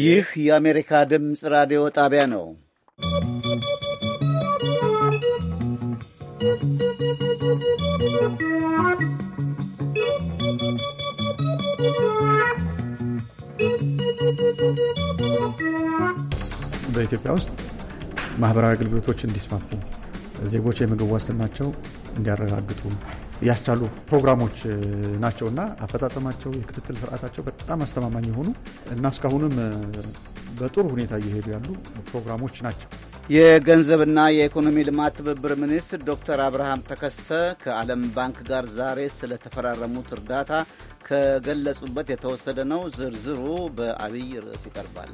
ይህ የአሜሪካ ድምፅ ራዲዮ ጣቢያ ነው። በኢትዮጵያ ውስጥ ማህበራዊ አገልግሎቶች እንዲስፋፉ ዜጎች የምግብ ዋስትናቸው እንዲያረጋግጡ ያስቻሉ ፕሮግራሞች ናቸውና አፈጻጸማቸው፣ የክትትል ስርዓታቸው በጣም አስተማማኝ የሆኑ እና እስካሁንም በጥሩ ሁኔታ እየሄዱ ያሉ ፕሮግራሞች ናቸው። የገንዘብና የኢኮኖሚ ልማት ትብብር ሚኒስትር ዶክተር አብርሃም ተከስተ ከዓለም ባንክ ጋር ዛሬ ስለተፈራረሙት እርዳታ ከገለጹበት የተወሰደ ነው። ዝርዝሩ በአብይ ርዕስ ይቀርባል።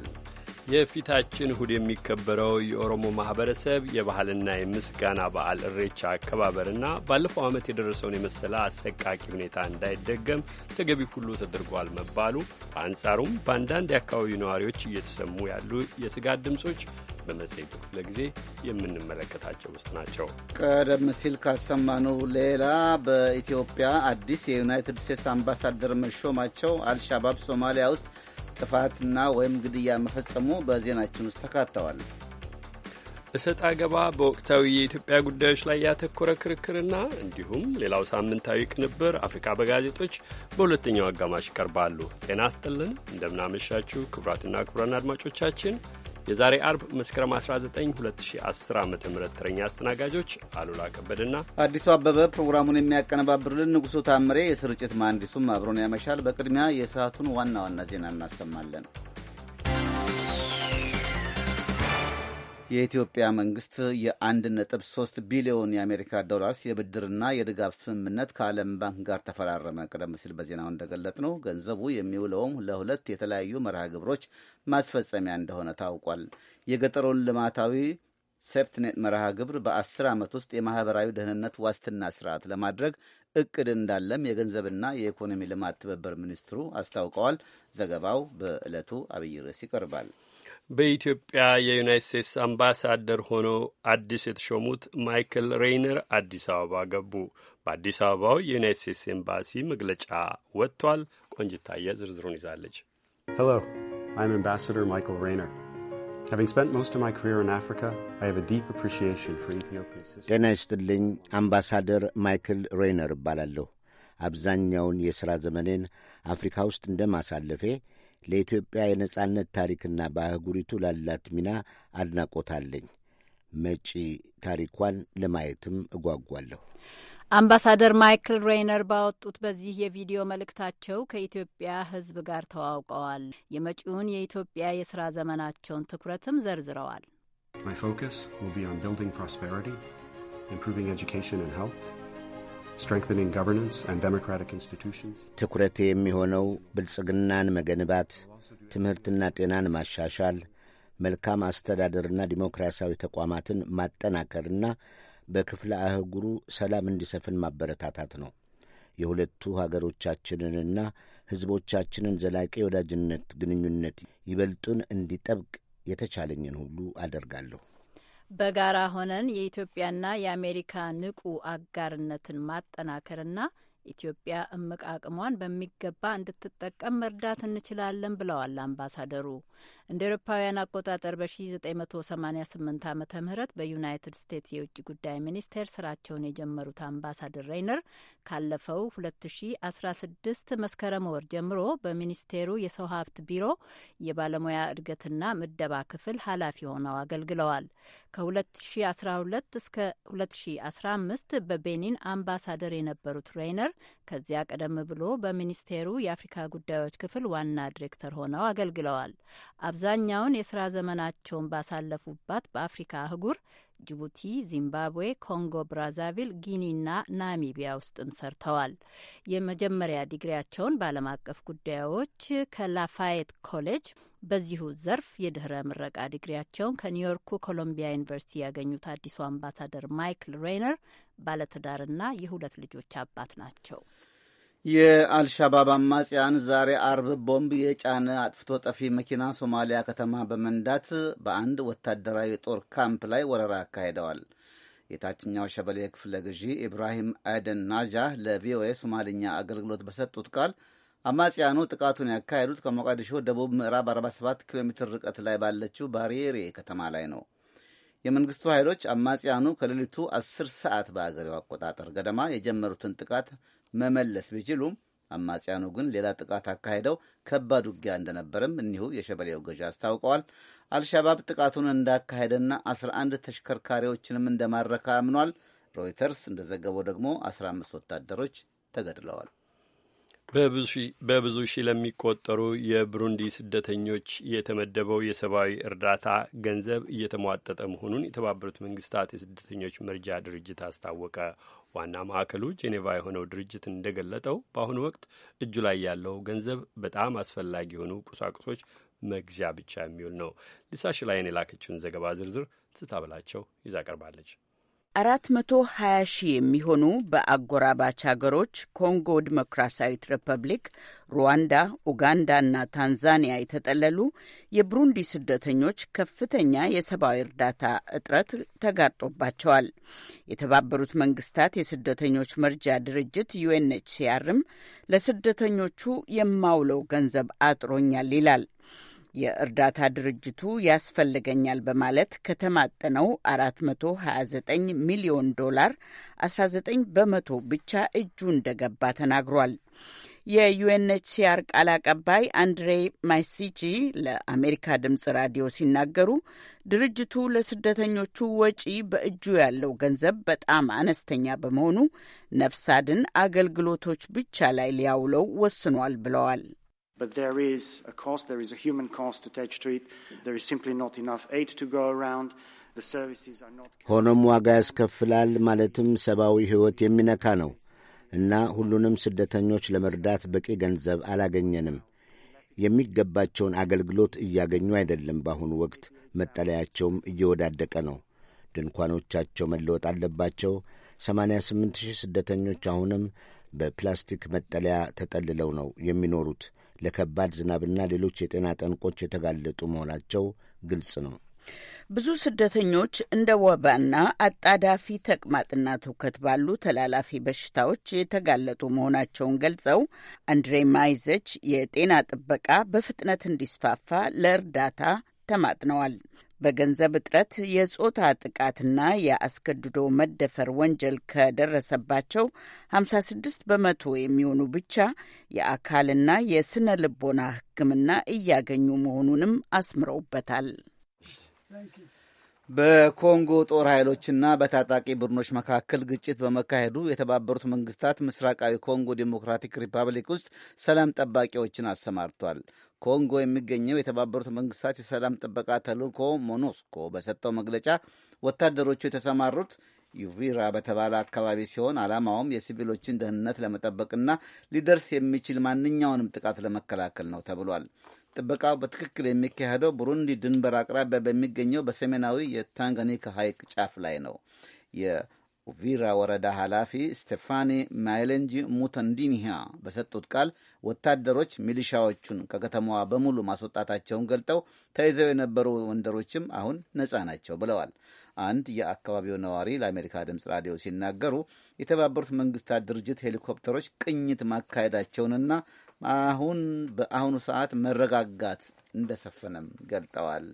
የፊታችን እሁድ የሚከበረው የኦሮሞ ማህበረሰብ የባህልና የምስጋና በዓል እሬቻ አከባበርና ባለፈው ዓመት የደረሰውን የመሰለ አሰቃቂ ሁኔታ እንዳይደገም ተገቢ ሁሉ ተደርጓል መባሉ፣ በአንጻሩም በአንዳንድ የአካባቢ ነዋሪዎች እየተሰሙ ያሉ የስጋት ድምጾች በመጽሔቱ ክፍለ ጊዜ የምንመለከታቸው ውስጥ ናቸው። ቀደም ሲል ካሰማነው ሌላ በኢትዮጵያ አዲስ የዩናይትድ ስቴትስ አምባሳደር መሾማቸው አልሻባብ ሶማሊያ ውስጥ ጥፋትና ወይም ግድያ መፈጸሙ በዜናችን ውስጥ ተካተዋል። እሰጥ አገባ በወቅታዊ የኢትዮጵያ ጉዳዮች ላይ ያተኮረ ክርክርና እንዲሁም ሌላው ሳምንታዊ ቅንብር አፍሪካ በጋዜጦች በሁለተኛው አጋማሽ ይቀርባሉ። ጤና ስጥልን፣ እንደምናመሻችሁ ክቡራትና ክቡራን አድማጮቻችን የዛሬ አርብ መስከረም 19 2010 ዓ ም ተረኛ አስተናጋጆች አሉላ ከበድና አዲሱ አበበ፣ ፕሮግራሙን የሚያቀነባብርልን ንጉሶ ታምሬ፣ የስርጭት መሐንዲሱም አብሮን ያመሻል። በቅድሚያ የሰዓቱን ዋና ዋና ዜና እናሰማለን። የኢትዮጵያ መንግስት የ1.3 ቢሊዮን የአሜሪካ ዶላርስ የብድርና የድጋፍ ስምምነት ከዓለም ባንክ ጋር ተፈራረመ። ቀደም ሲል በዜናው እንደገለጥ ነው ገንዘቡ የሚውለውም ለሁለት የተለያዩ መርሃ ግብሮች ማስፈጸሚያ እንደሆነ ታውቋል። የገጠሩን ልማታዊ ሴፍትኔት መርሃ ግብር በአስር ዓመት ውስጥ የማህበራዊ ደህንነት ዋስትና ስርዓት ለማድረግ እቅድ እንዳለም የገንዘብና የኢኮኖሚ ልማት ትብብር ሚኒስትሩ አስታውቀዋል። ዘገባው በዕለቱ አብይ ርዕስ ይቀርባል። በኢትዮጵያ የዩናይት ስቴትስ አምባሳደር ሆነው አዲስ የተሾሙት ማይክል ሬይነር አዲስ አበባ ገቡ። በአዲስ አበባው የዩናይት ስቴትስ ኤምባሲ መግለጫ ወጥቷል። ቆንጅታየ ዝርዝሩን ይዛለች። ሄሎ አይም አምባሳደር ማይክል ሬይነር ጤና ይስጥልኝ። አምባሳደር ማይክል ሬይነር እባላለሁ። አብዛኛውን የሥራ ዘመኔን አፍሪካ ውስጥ እንደ ማሳለፌ ለኢትዮጵያ የነጻነት ታሪክና በአህጉሪቱ ላላት ሚና አድናቆት አለኝ። መጪ ታሪኳን ለማየትም እጓጓለሁ። አምባሳደር ማይክል ሬይነር ባወጡት በዚህ የቪዲዮ መልእክታቸው ከኢትዮጵያ ሕዝብ ጋር ተዋውቀዋል። የመጪውን የኢትዮጵያ የስራ ዘመናቸውን ትኩረትም ዘርዝረዋል። My focus will be ትኩረቴ የሚሆነው ብልጽግናን መገንባት፣ ትምህርትና ጤናን ማሻሻል፣ መልካም አስተዳደርና ዲሞክራሲያዊ ተቋማትን ማጠናከርና በክፍለ አህጉሩ ሰላም እንዲሰፍን ማበረታታት ነው። የሁለቱ ሀገሮቻችንንና ሕዝቦቻችንን ዘላቂ ወዳጅነት ግንኙነት ይበልጡን እንዲጠብቅ የተቻለኝን ሁሉ አደርጋለሁ። በጋራ ሆነን የኢትዮጵያና የአሜሪካ ንቁ አጋርነትን ማጠናከርና ኢትዮጵያ እምቅ አቅሟን በሚገባ እንድትጠቀም መርዳት እንችላለን ብለዋል አምባሳደሩ። እንደ ኤሮፓውያን አቆጣጠር በ1988 ዓ ም በዩናይትድ ስቴትስ የውጭ ጉዳይ ሚኒስቴር ስራቸውን የጀመሩት አምባሳደር ሬይነር ካለፈው 2016 መስከረም ወር ጀምሮ በሚኒስቴሩ የሰው ሀብት ቢሮ የባለሙያ እድገትና ምደባ ክፍል ኃላፊ ሆነው አገልግለዋል። ከ2012 እስከ 2015 በቤኒን አምባሳደር የነበሩት ሬይነር ከዚያ ቀደም ብሎ በሚኒስቴሩ የአፍሪካ ጉዳዮች ክፍል ዋና ዲሬክተር ሆነው አገልግለዋል። አብዛኛውን የስራ ዘመናቸውን ባሳለፉባት በአፍሪካ አህጉር ጅቡቲ፣ ዚምባብዌ፣ ኮንጎ ብራዛቪል፣ ጊኒና ናሚቢያ ውስጥም ሰርተዋል። የመጀመሪያ ዲግሪያቸውን በዓለም አቀፍ ጉዳዮች ከላፋየት ኮሌጅ በዚሁ ዘርፍ የድህረ ምረቃ ዲግሪያቸውን ከኒውዮርኩ ኮሎምቢያ ዩኒቨርሲቲ ያገኙት አዲሱ አምባሳደር ማይክል ሬይነር ባለትዳርና የሁለት ልጆች አባት ናቸው። የአልሻባብ አማጽያን ዛሬ አርብ ቦምብ የጫነ አጥፍቶ ጠፊ መኪና ሶማሊያ ከተማ በመንዳት በአንድ ወታደራዊ ጦር ካምፕ ላይ ወረራ አካሂደዋል። የታችኛው ሸበሌ ክፍለ ገዢ ኢብራሂም አደን ናጃህ ለቪኦኤ ሶማልኛ አገልግሎት በሰጡት ቃል አማጽያኑ ጥቃቱን ያካሄዱት ከሞቃዲሾ ደቡብ ምዕራብ 47 ኪሎ ሜትር ርቀት ላይ ባለችው ባሬሬ ከተማ ላይ ነው። የመንግስቱ ኃይሎች አማጽያኑ ከሌሊቱ 10 ሰዓት በአገሬው አቆጣጠር ገደማ የጀመሩትን ጥቃት መመለስ ቢችሉም አማጽያኑ ግን ሌላ ጥቃት አካሄደው ከባድ ውጊያ እንደነበርም እኒሁ የሸበሌው ገዢ አስታውቀዋል። አልሻባብ ጥቃቱን እንዳካሄደና 11 ተሽከርካሪዎችንም እንደማረከ አምኗል። ሮይተርስ እንደዘገበው ደግሞ 15 ወታደሮች ተገድለዋል። በብዙ ሺህ ለሚቆጠሩ የብሩንዲ ስደተኞች የተመደበው የሰብአዊ እርዳታ ገንዘብ እየተሟጠጠ መሆኑን የተባበሩት መንግስታት የስደተኞች መርጃ ድርጅት አስታወቀ። ዋና ማዕከሉ ጄኔቫ የሆነው ድርጅት እንደገለጠው በአሁኑ ወቅት እጁ ላይ ያለው ገንዘብ በጣም አስፈላጊ የሆኑ ቁሳቁሶች መግዣ ብቻ የሚውል ነው። ሊሳሽ ላይን የላከችውን ዘገባ ዝርዝር ትስታብላቸው ይዛ ቀርባለች። አራት መቶ ሀያ ሺህ የሚሆኑ በአጎራባች ሀገሮች ኮንጎ ዲሞክራሲያዊት ሪፐብሊክ፣ ሩዋንዳ፣ ኡጋንዳ እና ታንዛኒያ የተጠለሉ የብሩንዲ ስደተኞች ከፍተኛ የሰብአዊ እርዳታ እጥረት ተጋርጦባቸዋል። የተባበሩት መንግስታት የስደተኞች መርጃ ድርጅት ዩኤንኤችሲአርም ለስደተኞቹ የማውለው ገንዘብ አጥሮኛል ይላል። የእርዳታ ድርጅቱ ያስፈልገኛል በማለት ከተማጠነው 429 ሚሊዮን ዶላር 19 በመቶ ብቻ እጁ እንደገባ ተናግሯል። የዩኤንኤችሲአር ቃል አቀባይ አንድሬ ማይሲቺ ለአሜሪካ ድምጽ ራዲዮ ሲናገሩ ድርጅቱ ለስደተኞቹ ወጪ በእጁ ያለው ገንዘብ በጣም አነስተኛ በመሆኑ ነፍስ አድን አገልግሎቶች ብቻ ላይ ሊያውለው ወስኗል ብለዋል። But there is a cost, there is a human cost attached to it. There is simply not enough aid to go around. The services are not... ሆኖም ዋጋ ያስከፍላል ማለትም ሰብአዊ ሕይወት የሚነካ ነው እና ሁሉንም ስደተኞች ለመርዳት በቂ ገንዘብ አላገኘንም። የሚገባቸውን አገልግሎት እያገኙ አይደለም። በአሁኑ ወቅት መጠለያቸውም እየወዳደቀ ነው። ድንኳኖቻቸው መለወጥ አለባቸው። 88 ሺህ ስደተኞች አሁንም በፕላስቲክ መጠለያ ተጠልለው ነው የሚኖሩት። ለከባድ ዝናብና ሌሎች የጤና ጠንቆች የተጋለጡ መሆናቸው ግልጽ ነው። ብዙ ስደተኞች እንደ ወባና አጣዳፊ ተቅማጥና ትውከት ባሉ ተላላፊ በሽታዎች የተጋለጡ መሆናቸውን ገልጸው አንድሬ ማይዘች የጤና ጥበቃ በፍጥነት እንዲስፋፋ ለእርዳታ ተማጥነዋል። በገንዘብ እጥረት የጾታ ጥቃትና የአስገድዶ መደፈር ወንጀል ከደረሰባቸው 56 በመቶ የሚሆኑ ብቻ የአካልና የስነ ልቦና ሕክምና እያገኙ መሆኑንም አስምረውበታል። በኮንጎ ጦር ኃይሎችና በታጣቂ ቡድኖች መካከል ግጭት በመካሄዱ የተባበሩት መንግስታት ምስራቃዊ ኮንጎ ዴሞክራቲክ ሪፐብሊክ ውስጥ ሰላም ጠባቂዎችን አሰማርቷል። ኮንጎ የሚገኘው የተባበሩት መንግስታት የሰላም ጥበቃ ተልእኮ ሞኖስኮ በሰጠው መግለጫ ወታደሮቹ የተሰማሩት ዩቪራ በተባለ አካባቢ ሲሆን ዓላማውም የሲቪሎችን ደህንነት ለመጠበቅና ሊደርስ የሚችል ማንኛውንም ጥቃት ለመከላከል ነው ተብሏል። ጥበቃው በትክክል የሚካሄደው ቡሩንዲ ድንበር አቅራቢያ በሚገኘው በሰሜናዊ የታንጋኒካ ሐይቅ ጫፍ ላይ ነው። የኡቪራ ወረዳ ኃላፊ ስቴፋኒ ማይለንጂ ሙተንዲኒያ በሰጡት ቃል ወታደሮች ሚሊሻዎቹን ከከተማዋ በሙሉ ማስወጣታቸውን ገልጠው ተይዘው የነበሩ መንደሮችም አሁን ነፃ ናቸው ብለዋል። አንድ የአካባቢው ነዋሪ ለአሜሪካ ድምፅ ራዲዮ ሲናገሩ የተባበሩት መንግስታት ድርጅት ሄሊኮፕተሮች ቅኝት ማካሄዳቸውንና አሁን በአሁኑ ሰዓት መረጋጋት እንደሰፈነም ገልጠዋል።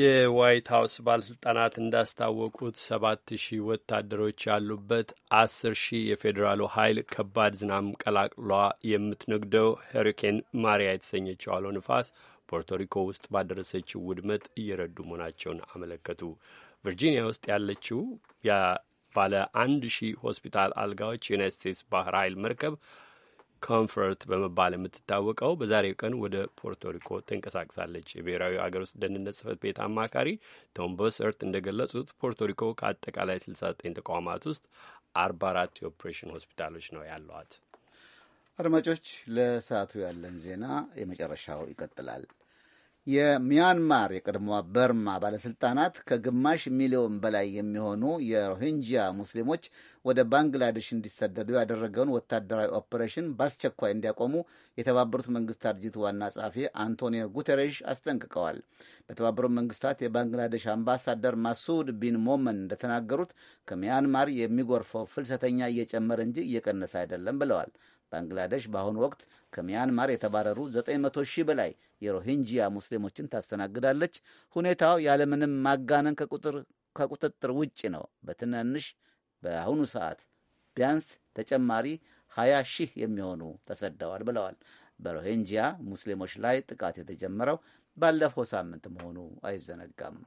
የዋይት ሀውስ ባለስልጣናት እንዳስታወቁት ሰባት ሺህ ወታደሮች ያሉበት አስር ሺህ የፌዴራሉ ኃይል ከባድ ዝናብ ቀላቅሏ የምትነግደው ሄሪኬን ማሪያ የተሰኘችው አውሎ ንፋስ ፖርቶሪኮ ውስጥ ባደረሰችው ውድመት እየረዱ መሆናቸውን አመለከቱ። ቨርጂኒያ ውስጥ ያለችው ባለ አንድ ሺህ ሆስፒታል አልጋዎች የዩናይት ስቴትስ ባህር ኃይል መርከብ ኮምፈርት በመባል የምትታወቀው በዛሬው ቀን ወደ ፖርቶሪኮ ተንቀሳቅሳለች። የብሔራዊ አገር ውስጥ ደህንነት ጽህፈት ቤት አማካሪ ቶም ቦሰርት እንደገለጹት ፖርቶሪኮ ከአጠቃላይ 69 ተቋማት ውስጥ 44 የኦፕሬሽን ሆስፒታሎች ነው ያሏት። አድማጮች፣ ለሰዓቱ ያለን ዜና የመጨረሻው ይቀጥላል። የሚያንማር የቀድሞዋ በርማ ባለስልጣናት ከግማሽ ሚሊዮን በላይ የሚሆኑ የሮሂንጂያ ሙስሊሞች ወደ ባንግላዴሽ እንዲሰደዱ ያደረገውን ወታደራዊ ኦፕሬሽን በአስቸኳይ እንዲያቆሙ የተባበሩት መንግስታት ድርጅት ዋና ጸሐፊ አንቶኒዮ ጉተሬሽ አስጠንቅቀዋል። በተባበሩት መንግስታት የባንግላዴሽ አምባሳደር ማሱድ ቢን ሞመን እንደተናገሩት ከሚያንማር የሚጎርፈው ፍልሰተኛ እየጨመረ እንጂ እየቀነሰ አይደለም ብለዋል። ባንግላዴሽ በአሁኑ ወቅት ከሚያንማር የተባረሩ 900 ሺህ በላይ የሮሂንጂያ ሙስሊሞችን ታስተናግዳለች። ሁኔታው ያለምንም ማጋነን ከቁጥጥር ውጭ ነው። በትናንሽ በአሁኑ ሰዓት ቢያንስ ተጨማሪ 20 ሺህ የሚሆኑ ተሰደዋል ብለዋል። በሮሂንጂያ ሙስሊሞች ላይ ጥቃት የተጀመረው ባለፈው ሳምንት መሆኑ አይዘነጋም።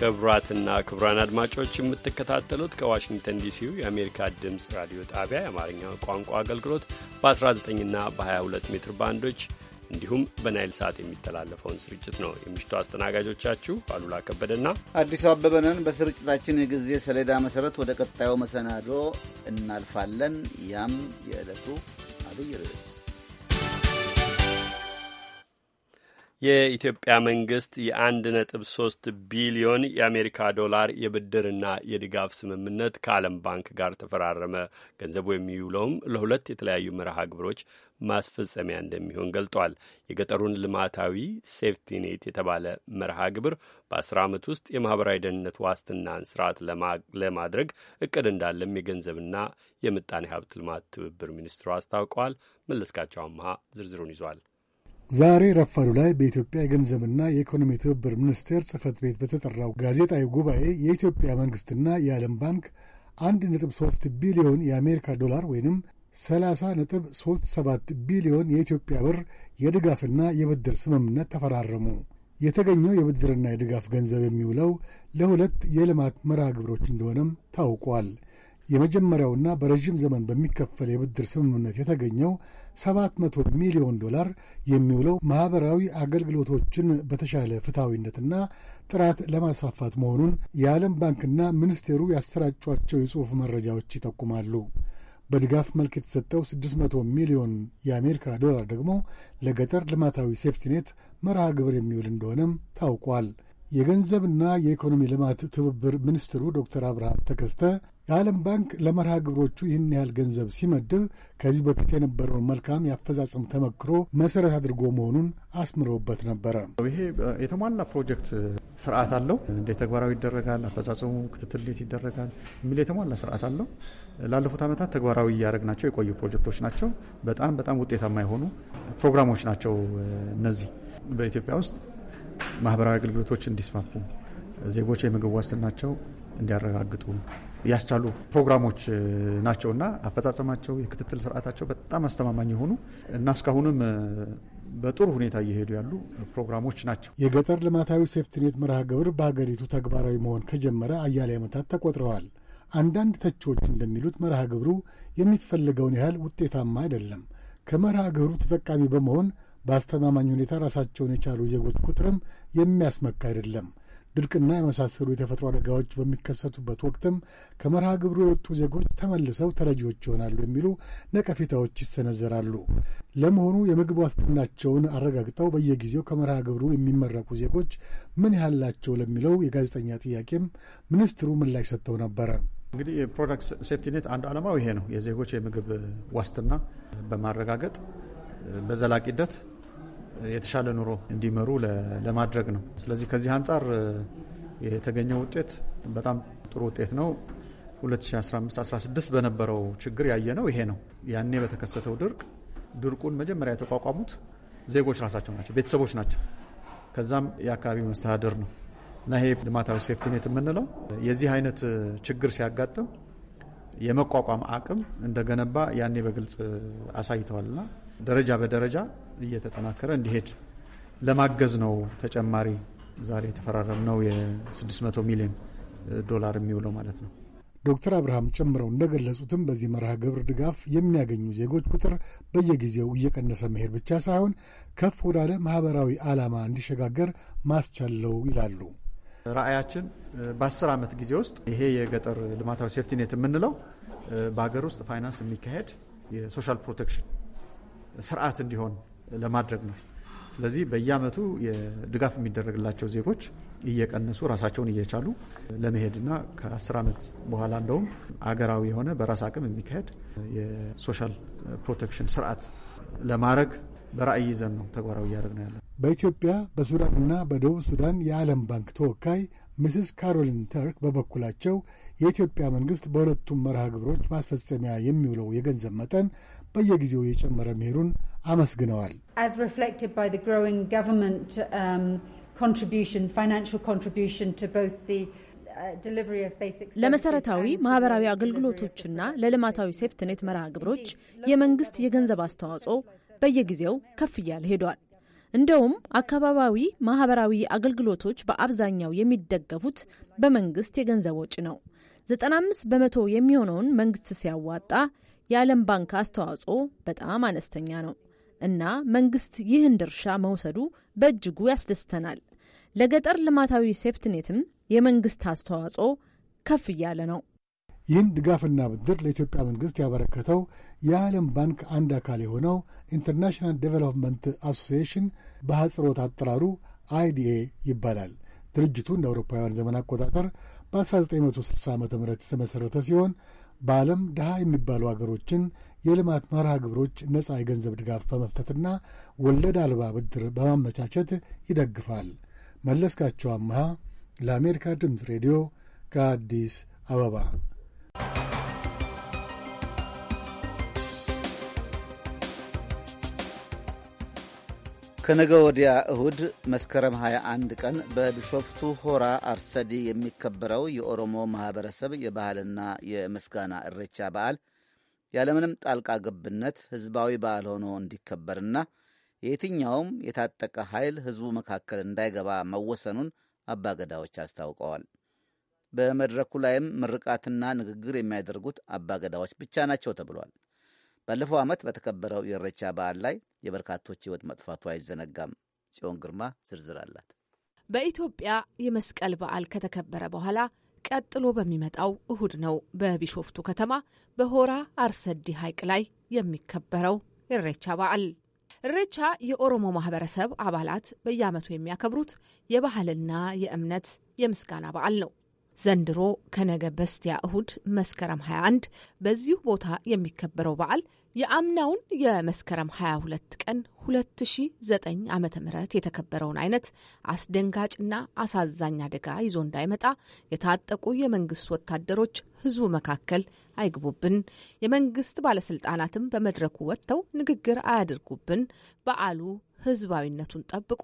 ክቡራትና ክቡራን አድማጮች የምትከታተሉት ከዋሽንግተን ዲሲው የአሜሪካ ድምፅ ራዲዮ ጣቢያ የአማርኛ ቋንቋ አገልግሎት በ19ና በ22 ሜትር ባንዶች እንዲሁም በናይል ሰዓት የሚተላለፈውን ስርጭት ነው። የምሽቱ አስተናጋጆቻችሁ አሉላ ከበደና አዲሱ አበበንን። በስርጭታችን የጊዜ ሰሌዳ መሰረት ወደ ቀጣዩ መሰናዶ እናልፋለን። ያም የዕለቱ አብይ ርዕስ የኢትዮጵያ መንግስት የአንድ ነጥብ ሶስት ቢሊዮን የአሜሪካ ዶላር የብድርና የድጋፍ ስምምነት ከዓለም ባንክ ጋር ተፈራረመ። ገንዘቡ የሚውለውም ለሁለት የተለያዩ መርሃ ግብሮች ማስፈጸሚያ እንደሚሆን ገልጧል። የገጠሩን ልማታዊ ሴፍቲኔት የተባለ መርሃ ግብር በአስር ዓመት ውስጥ የማኅበራዊ ደህንነት ዋስትናን ስርዓት ለማድረግ እቅድ እንዳለም የገንዘብና የምጣኔ ሀብት ልማት ትብብር ሚኒስትሩ አስታውቀዋል። መለስካቸው አምሃ ዝርዝሩን ይዟል። ዛሬ ረፋዱ ላይ በኢትዮጵያ የገንዘብና የኢኮኖሚ ትብብር ሚኒስቴር ጽህፈት ቤት በተጠራው ጋዜጣዊ ጉባኤ የኢትዮጵያ መንግሥትና የዓለም ባንክ 1.3 ቢሊዮን የአሜሪካ ዶላር ወይም 30.37 ቢሊዮን የኢትዮጵያ ብር የድጋፍና የብድር ስምምነት ተፈራረሙ። የተገኘው የብድርና የድጋፍ ገንዘብ የሚውለው ለሁለት የልማት መርሃ ግብሮች እንደሆነም ታውቋል። የመጀመሪያውና በረዥም ዘመን በሚከፈል የብድር ስምምነት የተገኘው 700 ሚሊዮን ዶላር የሚውለው ማኅበራዊ አገልግሎቶችን በተሻለ ፍትሐዊነትና ጥራት ለማስፋፋት መሆኑን የዓለም ባንክና ሚኒስቴሩ ያሰራጯቸው የጽሑፍ መረጃዎች ይጠቁማሉ። በድጋፍ መልክ የተሰጠው 600 ሚሊዮን የአሜሪካ ዶላር ደግሞ ለገጠር ልማታዊ ሴፍቲኔት መርሃ ግብር የሚውል እንደሆነም ታውቋል። የገንዘብና የኢኮኖሚ ልማት ትብብር ሚኒስትሩ ዶክተር አብርሃም ተከስተ የዓለም ባንክ ለመርሃ ግብሮቹ ይህን ያህል ገንዘብ ሲመድብ ከዚህ በፊት የነበረውን መልካም የአፈጻጸም ተመክሮ መሰረት አድርጎ መሆኑን አስምረውበት ነበረ። ይሄ የተሟላ ፕሮጀክት ስርዓት አለው። እንዴት ተግባራዊ ይደረጋል፣ አፈጻጸሙ ክትትል እንዴት ይደረጋል የሚል የተሟላ ስርዓት አለው። ላለፉት ዓመታት ተግባራዊ እያደረግናቸው የቆዩ ፕሮጀክቶች ናቸው። በጣም በጣም ውጤታማ የሆኑ ፕሮግራሞች ናቸው እነዚህ በኢትዮጵያ ውስጥ ማህበራዊ አገልግሎቶች እንዲስፋፉ፣ ዜጎች የምግብ ዋስትናቸው እንዲያረጋግጡ ያስቻሉ ፕሮግራሞች እና አፈጻጸማቸው፣ የክትትል ስርዓታቸው በጣም አስተማማኝ የሆኑ እና እስካሁንም በጥሩ ሁኔታ እየሄዱ ያሉ ፕሮግራሞች ናቸው። የገጠር ልማታዊ ሴፍትኔት መርሃ ግብር በሀገሪቱ ተግባራዊ መሆን ከጀመረ አያሌ ዓመታት ተቆጥረዋል። አንዳንድ ተቺዎች እንደሚሉት መርሃ ግብሩ የሚፈልገውን ያህል ውጤታማ አይደለም። ከመርሃ ግብሩ ተጠቃሚ በመሆን በአስተማማኝ ሁኔታ ራሳቸውን የቻሉ ዜጎች ቁጥርም የሚያስመካ አይደለም። ድርቅና የመሳሰሉ የተፈጥሮ አደጋዎች በሚከሰቱበት ወቅትም ከመርሃ ግብሩ የወጡ ዜጎች ተመልሰው ተረጂዎች ይሆናሉ የሚሉ ነቀፌታዎች ይሰነዘራሉ። ለመሆኑ የምግብ ዋስትናቸውን አረጋግጠው በየጊዜው ከመርሃ ግብሩ የሚመረቁ ዜጎች ምን ያህል ናቸው ለሚለው የጋዜጠኛ ጥያቄም ሚኒስትሩ ምላሽ ሰጥተው ነበረ። እንግዲህ የፕሮዳክት ሴፍቲኔት አንዱ ዓላማው ይሄ ነው። የዜጎች የምግብ ዋስትና በማረጋገጥ በዘላቂነት የተሻለ ኑሮ እንዲመሩ ለማድረግ ነው። ስለዚህ ከዚህ አንጻር የተገኘው ውጤት በጣም ጥሩ ውጤት ነው። 2015/16 በነበረው ችግር ያየነው ይሄ ነው። ያኔ በተከሰተው ድርቅ ድርቁን መጀመሪያ የተቋቋሙት ዜጎች ራሳቸው ናቸው፣ ቤተሰቦች ናቸው። ከዛም የአካባቢ መስተዳደር ነው እና ይሄ ልማታዊ ሴፍቲኔት የምንለው የዚህ አይነት ችግር ሲያጋጥም የመቋቋም አቅም እንደገነባ ያኔ በግልጽ አሳይተዋልና ደረጃ በደረጃ እየተጠናከረ እንዲሄድ ለማገዝ ነው። ተጨማሪ ዛሬ የተፈራረም ነው የ600 ሚሊዮን ዶላር የሚውለው ማለት ነው። ዶክተር አብርሃም ጨምረው እንደገለጹትም በዚህ መርሃ ግብር ድጋፍ የሚያገኙ ዜጎች ቁጥር በየጊዜው እየቀነሰ መሄድ ብቻ ሳይሆን ከፍ ወዳለ ማህበራዊ ዓላማ እንዲሸጋገር ማስቻለው ይላሉ። ራዕያችን በአስር ዓመት ጊዜ ውስጥ ይሄ የገጠር ልማታዊ ሴፍቲኔት የምንለው በሀገር ውስጥ ፋይናንስ የሚካሄድ የሶሻል ፕሮቴክሽን ስርዓት እንዲሆን ለማድረግ ነው። ስለዚህ በየአመቱ ድጋፍ የሚደረግላቸው ዜጎች እየቀነሱ ራሳቸውን እየቻሉ ለመሄድና ከአስር ዓመት በኋላ እንደውም አገራዊ የሆነ በራስ አቅም የሚካሄድ የሶሻል ፕሮቴክሽን ስርዓት ለማድረግ በራእይ ይዘን ነው ተግባራዊ እያደረግ ነው ያለ በኢትዮጵያ በሱዳንና በደቡብ ሱዳን የዓለም ባንክ ተወካይ ሚስስ ካሮሊን ተርክ በበኩላቸው የኢትዮጵያ መንግስት በሁለቱም መርሃ ግብሮች ማስፈጸሚያ የሚውለው የገንዘብ መጠን በየጊዜው የጨመረ መሄዱን አመስግነዋል። um, uh, ለመሰረታዊ ማህበራዊ አገልግሎቶችና ለልማታዊ ሴፍትኔት መርሃ ግብሮች የመንግስት የገንዘብ አስተዋጽኦ በየጊዜው ከፍ እያለ ሄዷል። እንደውም አካባቢያዊ ማህበራዊ አገልግሎቶች በአብዛኛው የሚደገፉት በመንግስት የገንዘብ ወጪ ነው። 95 በመቶ የሚሆነውን መንግስት ሲያዋጣ የዓለም ባንክ አስተዋጽኦ በጣም አነስተኛ ነው እና መንግስት ይህን ድርሻ መውሰዱ በእጅጉ ያስደስተናል። ለገጠር ልማታዊ ሴፍትኔትም የመንግስት አስተዋጽኦ ከፍ እያለ ነው። ይህን ድጋፍና ብድር ለኢትዮጵያ መንግስት ያበረከተው የዓለም ባንክ አንድ አካል የሆነው ኢንተርናሽናል ዴቨሎፕመንት አሶሲዬሽን በአጽሮት አጠራሩ አይዲኤ ይባላል። ድርጅቱ እንደ አውሮፓውያን ዘመን አቆጣጠር በ1960 ዓ ም የተመሠረተ ሲሆን በዓለም ድሃ የሚባሉ አገሮችን የልማት መርሃ ግብሮች ነጻ የገንዘብ ድጋፍ በመስጠትና ወለድ አልባ ብድር በማመቻቸት ይደግፋል። መለስካቸው አምሃ ለአሜሪካ ድምፅ ሬዲዮ ከአዲስ አበባ ከነገ ወዲያ እሁድ መስከረም 21 ቀን በቢሾፍቱ ሆራ አርሰዲ የሚከበረው የኦሮሞ ማኅበረሰብ የባህልና የምስጋና እሬቻ በዓል ያለምንም ጣልቃ ገብነት ሕዝባዊ በዓል ሆኖ እንዲከበርና የትኛውም የታጠቀ ኃይል ሕዝቡ መካከል እንዳይገባ መወሰኑን አባገዳዎች አስታውቀዋል። በመድረኩ ላይም ምርቃትና ንግግር የሚያደርጉት አባገዳዎች ብቻ ናቸው ተብሏል። ባለፈው ዓመት በተከበረው የእረቻ በዓል ላይ የበርካቶች ሕይወት መጥፋቱ አይዘነጋም። ጽዮን ግርማ ዝርዝር አላት። በኢትዮጵያ የመስቀል በዓል ከተከበረ በኋላ ቀጥሎ በሚመጣው እሁድ ነው በቢሾፍቱ ከተማ በሆራ አርሰዲ ሐይቅ ላይ የሚከበረው እሬቻ በዓል። እሬቻ የኦሮሞ ማህበረሰብ አባላት በየዓመቱ የሚያከብሩት የባህልና የእምነት የምስጋና በዓል ነው። ዘንድሮ ከነገ በስቲያ እሁድ መስከረም 21 በዚሁ ቦታ የሚከበረው በዓል የአምናውን የመስከረም 22 ቀን 2009 .ም የተከበረውን አይነት አስደንጋጭና አሳዛኝ አደጋ ይዞ እንዳይመጣ የታጠቁ የመንግስት ወታደሮች ህዝቡ መካከል አይግቡብን፣ የመንግስት ባለስልጣናትም በመድረኩ ወጥተው ንግግር አያድርጉብን፣ በዓሉ ህዝባዊነቱን ጠብቆ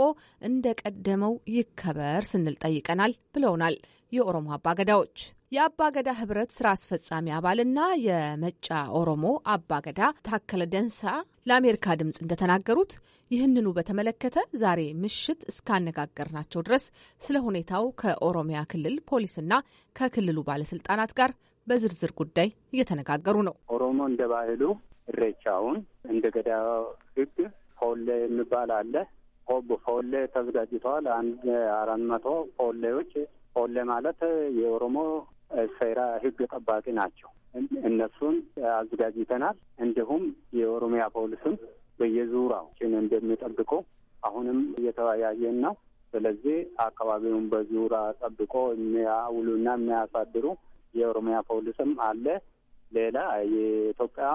እንደ ቀደመው ይከበር ስንል ጠይቀናል ብለውናል የኦሮሞ አባገዳዎች። የአባገዳ ህብረት ስራ አስፈጻሚ አባልና የመጫ ኦሮሞ አባገዳ ታከለ ደንሳ ለአሜሪካ ድምፅ እንደተናገሩት ይህንኑ በተመለከተ ዛሬ ምሽት እስካነጋገርናቸው ድረስ ስለ ሁኔታው ከኦሮሚያ ክልል ፖሊስና ከክልሉ ባለስልጣናት ጋር በዝርዝር ጉዳይ እየተነጋገሩ ነው። ኦሮሞ እንደ ባህሉ እሬቻውን እንደ ገዳ ህግ ፎሌ የሚባል አለ። ሆብ ፎሌ ተዘጋጅተዋል። አንድ አራት መቶ ፎሌዎች ፎሌ ማለት የኦሮሞ ሴራ ህግ ጠባቂ ናቸው። እነሱን አዘጋጅተናል። እንዲሁም የኦሮሚያ ፖሊስም በየዙራችን እንደሚጠብቁ አሁንም እየተወያየን ነው። ስለዚህ አካባቢውን በዙራ ጠብቆ የሚያውሉና የሚያሳድሩ የኦሮሚያ ፖሊስም አለ። ሌላ የኢትዮጵያ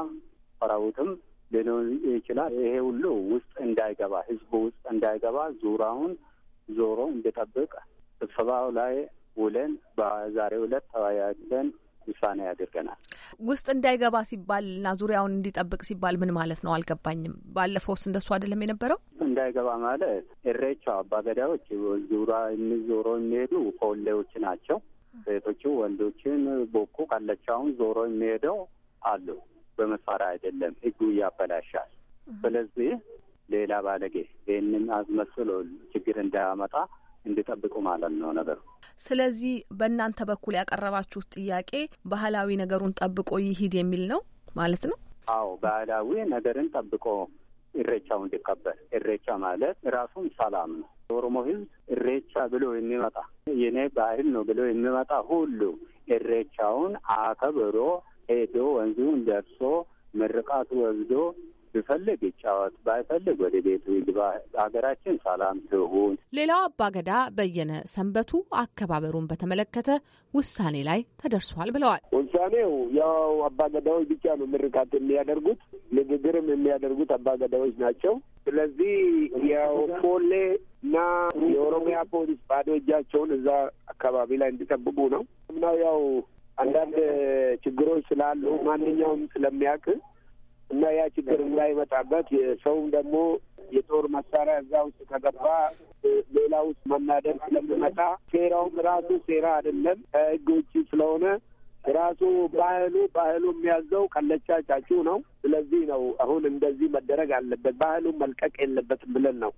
ሰራዊትም ሊሆን ይችላል። ይሄ ሁሉ ውስጥ እንዳይገባ ህዝቡ ውስጥ እንዳይገባ ዙሪያውን ዞሮ እንዲጠብቅ ስብሰባው ላይ ውለን በዛሬው ዕለት ተወያይተን ውሳኔ ያድርገናል። ውስጥ እንዳይገባ ሲባል እና ዙሪያውን እንዲጠብቅ ሲባል ምን ማለት ነው? አልገባኝም። ባለፈውስ እንደሱ አይደለም የነበረው? እንዳይገባ ማለት እሬቻው አባገዳዎች ዙራ የሚዞሮ የሚሄዱ ኮሌዎች ናቸው። ሴቶቹ ወንዶችን ቦኩ ካለቻውን ዞሮ የሚሄደው አሉ በመሳሪያ አይደለም፣ ህጉ ያበላሻል። ስለዚህ ሌላ ባለጌ ይህንን አስመስሎ ችግር እንዳያመጣ እንዲጠብቁ ማለት ነው ነገሩ። ስለዚህ በእናንተ በኩል ያቀረባችሁት ጥያቄ ባህላዊ ነገሩን ጠብቆ ይሂድ የሚል ነው ማለት ነው? አዎ ባህላዊ ነገርን ጠብቆ እሬቻው እንዲከበር። እሬቻ ማለት ራሱም ሰላም ነው። የኦሮሞ ህዝብ እሬቻ ብሎ የሚመጣ የኔ ባህል ነው ብሎ የሚመጣ ሁሉ እሬቻውን አከብሮ ሄዶ ወንዙን ደርሶ ምርቃቱ ወስዶ ቢፈልግ ይጫወት ባይፈልግ ወደ ቤቱ ይግባ። ሀገራችን ሰላም ትሁን። ሌላው አባገዳ በየነ ሰንበቱ አከባበሩን በተመለከተ ውሳኔ ላይ ተደርሷል ብለዋል። ውሳኔው ያው አባገዳዎች ብቻ ነው ምርቃት የሚያደርጉት ንግግርም የሚያደርጉት አባገዳዎች ናቸው። ስለዚህ ያው ፖሌ እና የኦሮሚያ ፖሊስ ባዶ እጃቸውን እዛ አካባቢ ላይ እንዲጠብቁ ነው ምናው ያው አንዳንድ ችግሮች ስላሉ ማንኛውም ስለሚያውቅ እና ያ ችግር እንዳይመጣበት ሰውም ደግሞ የጦር መሳሪያ እዛ ውስጥ ከገባ ሌላ ውስጥ መናደር ስለሚመጣ ሴራውም ራሱ ሴራ አይደለም ከህግ ውጭ ስለሆነ ራሱ ባህሉ ባህሉ የሚያዘው ቀለቻ ጫጩ ነው። ስለዚህ ነው አሁን እንደዚህ መደረግ አለበት፣ ባህሉ መልቀቅ የለበትም ብለን ነው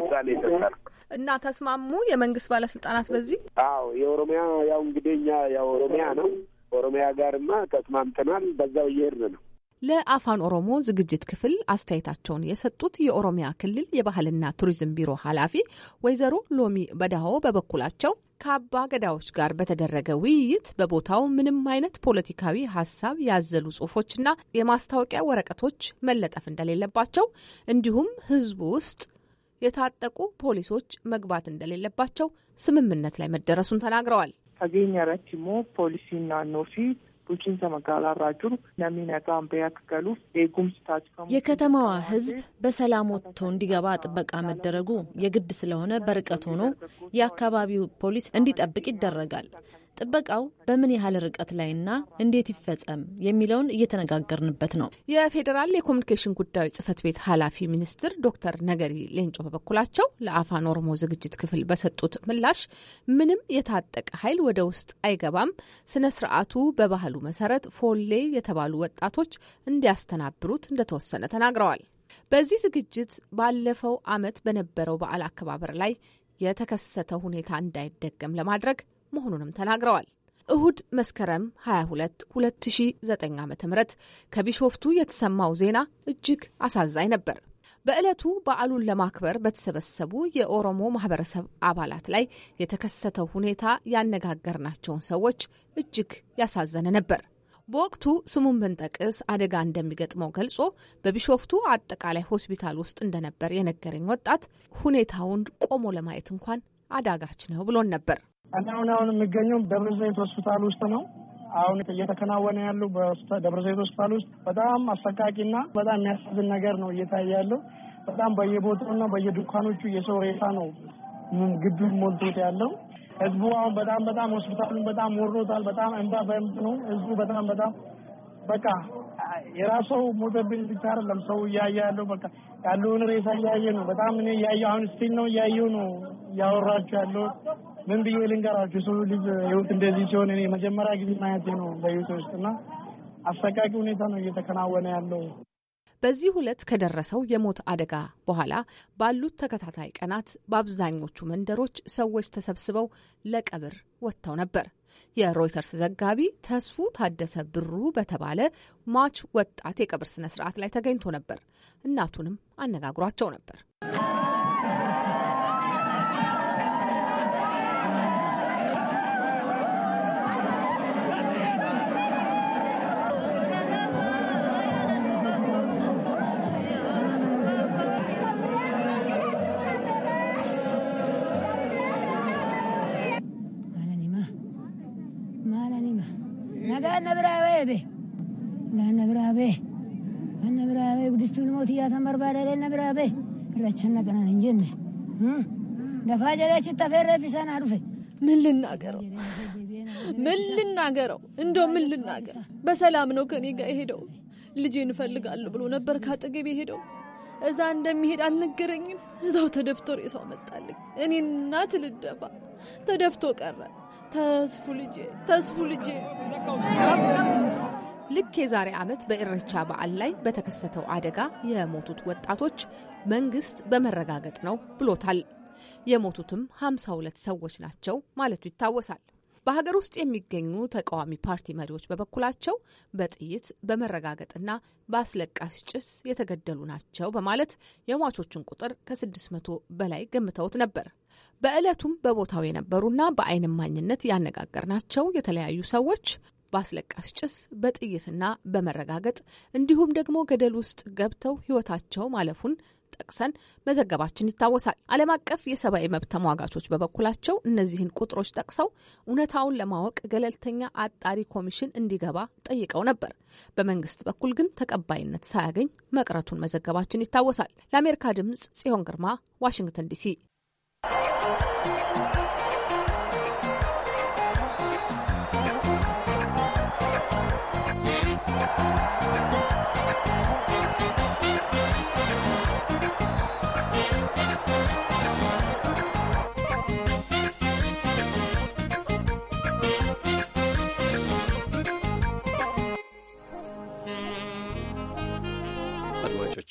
ውሳኔ ይሰጣል እና ተስማሙ የመንግስት ባለስልጣናት በዚህ። አዎ የኦሮሚያ ያው እንግዲህ እኛ ኦሮሚያ ነው ኦሮሚያ ጋርማ ተስማምተናል። በዛው እየሄድን ነው ለአፋን ኦሮሞ ዝግጅት ክፍል አስተያየታቸውን የሰጡት የኦሮሚያ ክልል የባህልና ቱሪዝም ቢሮ ኃላፊ ወይዘሮ ሎሚ በዳሆ በበኩላቸው ከአባ ገዳዎች ጋር በተደረገ ውይይት በቦታው ምንም አይነት ፖለቲካዊ ሀሳብ ያዘሉ ጽሁፎችና የማስታወቂያ ወረቀቶች መለጠፍ እንደሌለባቸው እንዲሁም ህዝቡ ውስጥ የታጠቁ ፖሊሶች መግባት እንደሌለባቸው ስምምነት ላይ መደረሱን ተናግረዋል። ከገኛ ረችሞ ፖሊሲ bulchiinsa magaalaa የከተማዋ ህዝብ በሰላም ወጥቶ እንዲገባ ጥበቃ መደረጉ የግድ ስለሆነ በርቀት ሆኖ የአካባቢው ፖሊስ እንዲጠብቅ ይደረጋል። ጥበቃው በምን ያህል ርቀት ላይና እንዴት ይፈጸም የሚለውን እየተነጋገርንበት ነው። የፌዴራል የኮሚኒኬሽን ጉዳዮች ጽህፈት ቤት ኃላፊ ሚኒስትር ዶክተር ነገሪ ሌንጮ በበኩላቸው ለአፋን ኦሮሞ ዝግጅት ክፍል በሰጡት ምላሽ ምንም የታጠቀ ኃይል ወደ ውስጥ አይገባም፣ ስነ ስርዓቱ በባህሉ መሰረት ፎሌ የተባሉ ወጣቶች እንዲያስተናብሩት እንደተወሰነ ተናግረዋል። በዚህ ዝግጅት ባለፈው ዓመት በነበረው በዓል አከባበር ላይ የተከሰተ ሁኔታ እንዳይደገም ለማድረግ መሆኑንም ተናግረዋል። እሁድ መስከረም 22 2009 ዓ ም ከቢሾፍቱ የተሰማው ዜና እጅግ አሳዛኝ ነበር። በዕለቱ በዓሉን ለማክበር በተሰበሰቡ የኦሮሞ ማህበረሰብ አባላት ላይ የተከሰተው ሁኔታ ያነጋገርናቸውን ሰዎች እጅግ ያሳዘነ ነበር። በወቅቱ ስሙን ብንጠቅስ አደጋ እንደሚገጥመው ገልጾ በቢሾፍቱ አጠቃላይ ሆስፒታል ውስጥ እንደነበር የነገረኝ ወጣት ሁኔታውን ቆሞ ለማየት እንኳን አዳጋች ነው ብሎን ነበር። እና አሁን አሁን የሚገኘው ደብረ ዘይት ሆስፒታል ውስጥ ነው። አሁን እየተከናወነ ያለው በደብረ ዘይት ሆስፒታል ውስጥ በጣም አሰቃቂና በጣም የሚያሳዝን ነገር ነው እየታየ ያለው። በጣም በየቦታውና በየዱካኖቹ የሰው ሬሳ ነው ግቢውን ሞልቶት ያለው። ህዝቡ አሁን በጣም በጣም ሆስፒታሉን በጣም ወሮታል። በጣም እንባ በእንባ ነው ህዝቡ በጣም በጣም በቃ የራሰው ሞተብን ብቻ አይደለም ሰው እያየ ያለው በቃ ያለውን ሬሳ እያየ ነው። በጣም እኔ እያየ አሁን ስቲል ነው እያየው ነው እያወራችሁ ያለው ምን ብዬ ልንገራችሁ? ሰው ልጅ ህይወት እንደዚህ ሲሆን እኔ መጀመሪያ ጊዜ ማየቴ ነው በህይወት ውስጥ እና አሰቃቂ ሁኔታ ነው እየተከናወነ ያለው። በዚህ ሁለት ከደረሰው የሞት አደጋ በኋላ ባሉት ተከታታይ ቀናት በአብዛኞቹ መንደሮች ሰዎች ተሰብስበው ለቀብር ወጥተው ነበር። የሮይተርስ ዘጋቢ ተስፉ ታደሰ ብሩ በተባለ ሟች ወጣት የቀብር ስነ ስርዓት ላይ ተገኝቶ ነበር። እናቱንም አነጋግሯቸው ነበር። Hmm? ምን ልናገረው? ምን ልናገረው? እንደው ምን ልናገር? በሰላም ነው ከኔ ጋር የሄደው። ልጄ እንፈልጋለሁ ብሎ ነበር ካጠገቤ የሄደው። እዛ እንደሚሄድ አልነገረኝም። እዛው ተደፍቶ ሬሳው መጣልኝ። እኔ እናት ልደፋ ተደፍቶ ቀረ። ተስፉ ልጄ፣ ተስፉ ልጄ ልክ የዛሬ ዓመት በኢሬቻ በዓል ላይ በተከሰተው አደጋ የሞቱት ወጣቶች መንግስት በመረጋገጥ ነው ብሎታል። የሞቱትም 52 ሰዎች ናቸው ማለቱ ይታወሳል። በሀገር ውስጥ የሚገኙ ተቃዋሚ ፓርቲ መሪዎች በበኩላቸው በጥይት በመረጋገጥና በአስለቃሽ ጭስ የተገደሉ ናቸው በማለት የሟቾቹን ቁጥር ከ600 በላይ ገምተውት ነበር። በዕለቱም በቦታው የነበሩና በአይን ያነጋገር ያነጋገርናቸው የተለያዩ ሰዎች በአስለቃሽ ጭስ በጥይትና በመረጋገጥ እንዲሁም ደግሞ ገደል ውስጥ ገብተው ሕይወታቸው ማለፉን ጠቅሰን መዘገባችን ይታወሳል። ዓለም አቀፍ የሰብአዊ መብት ተሟጋቾች በበኩላቸው እነዚህን ቁጥሮች ጠቅሰው እውነታውን ለማወቅ ገለልተኛ አጣሪ ኮሚሽን እንዲገባ ጠይቀው ነበር። በመንግስት በኩል ግን ተቀባይነት ሳያገኝ መቅረቱን መዘገባችን ይታወሳል። ለአሜሪካ ድምጽ ጽዮን ግርማ ዋሽንግተን ዲሲ።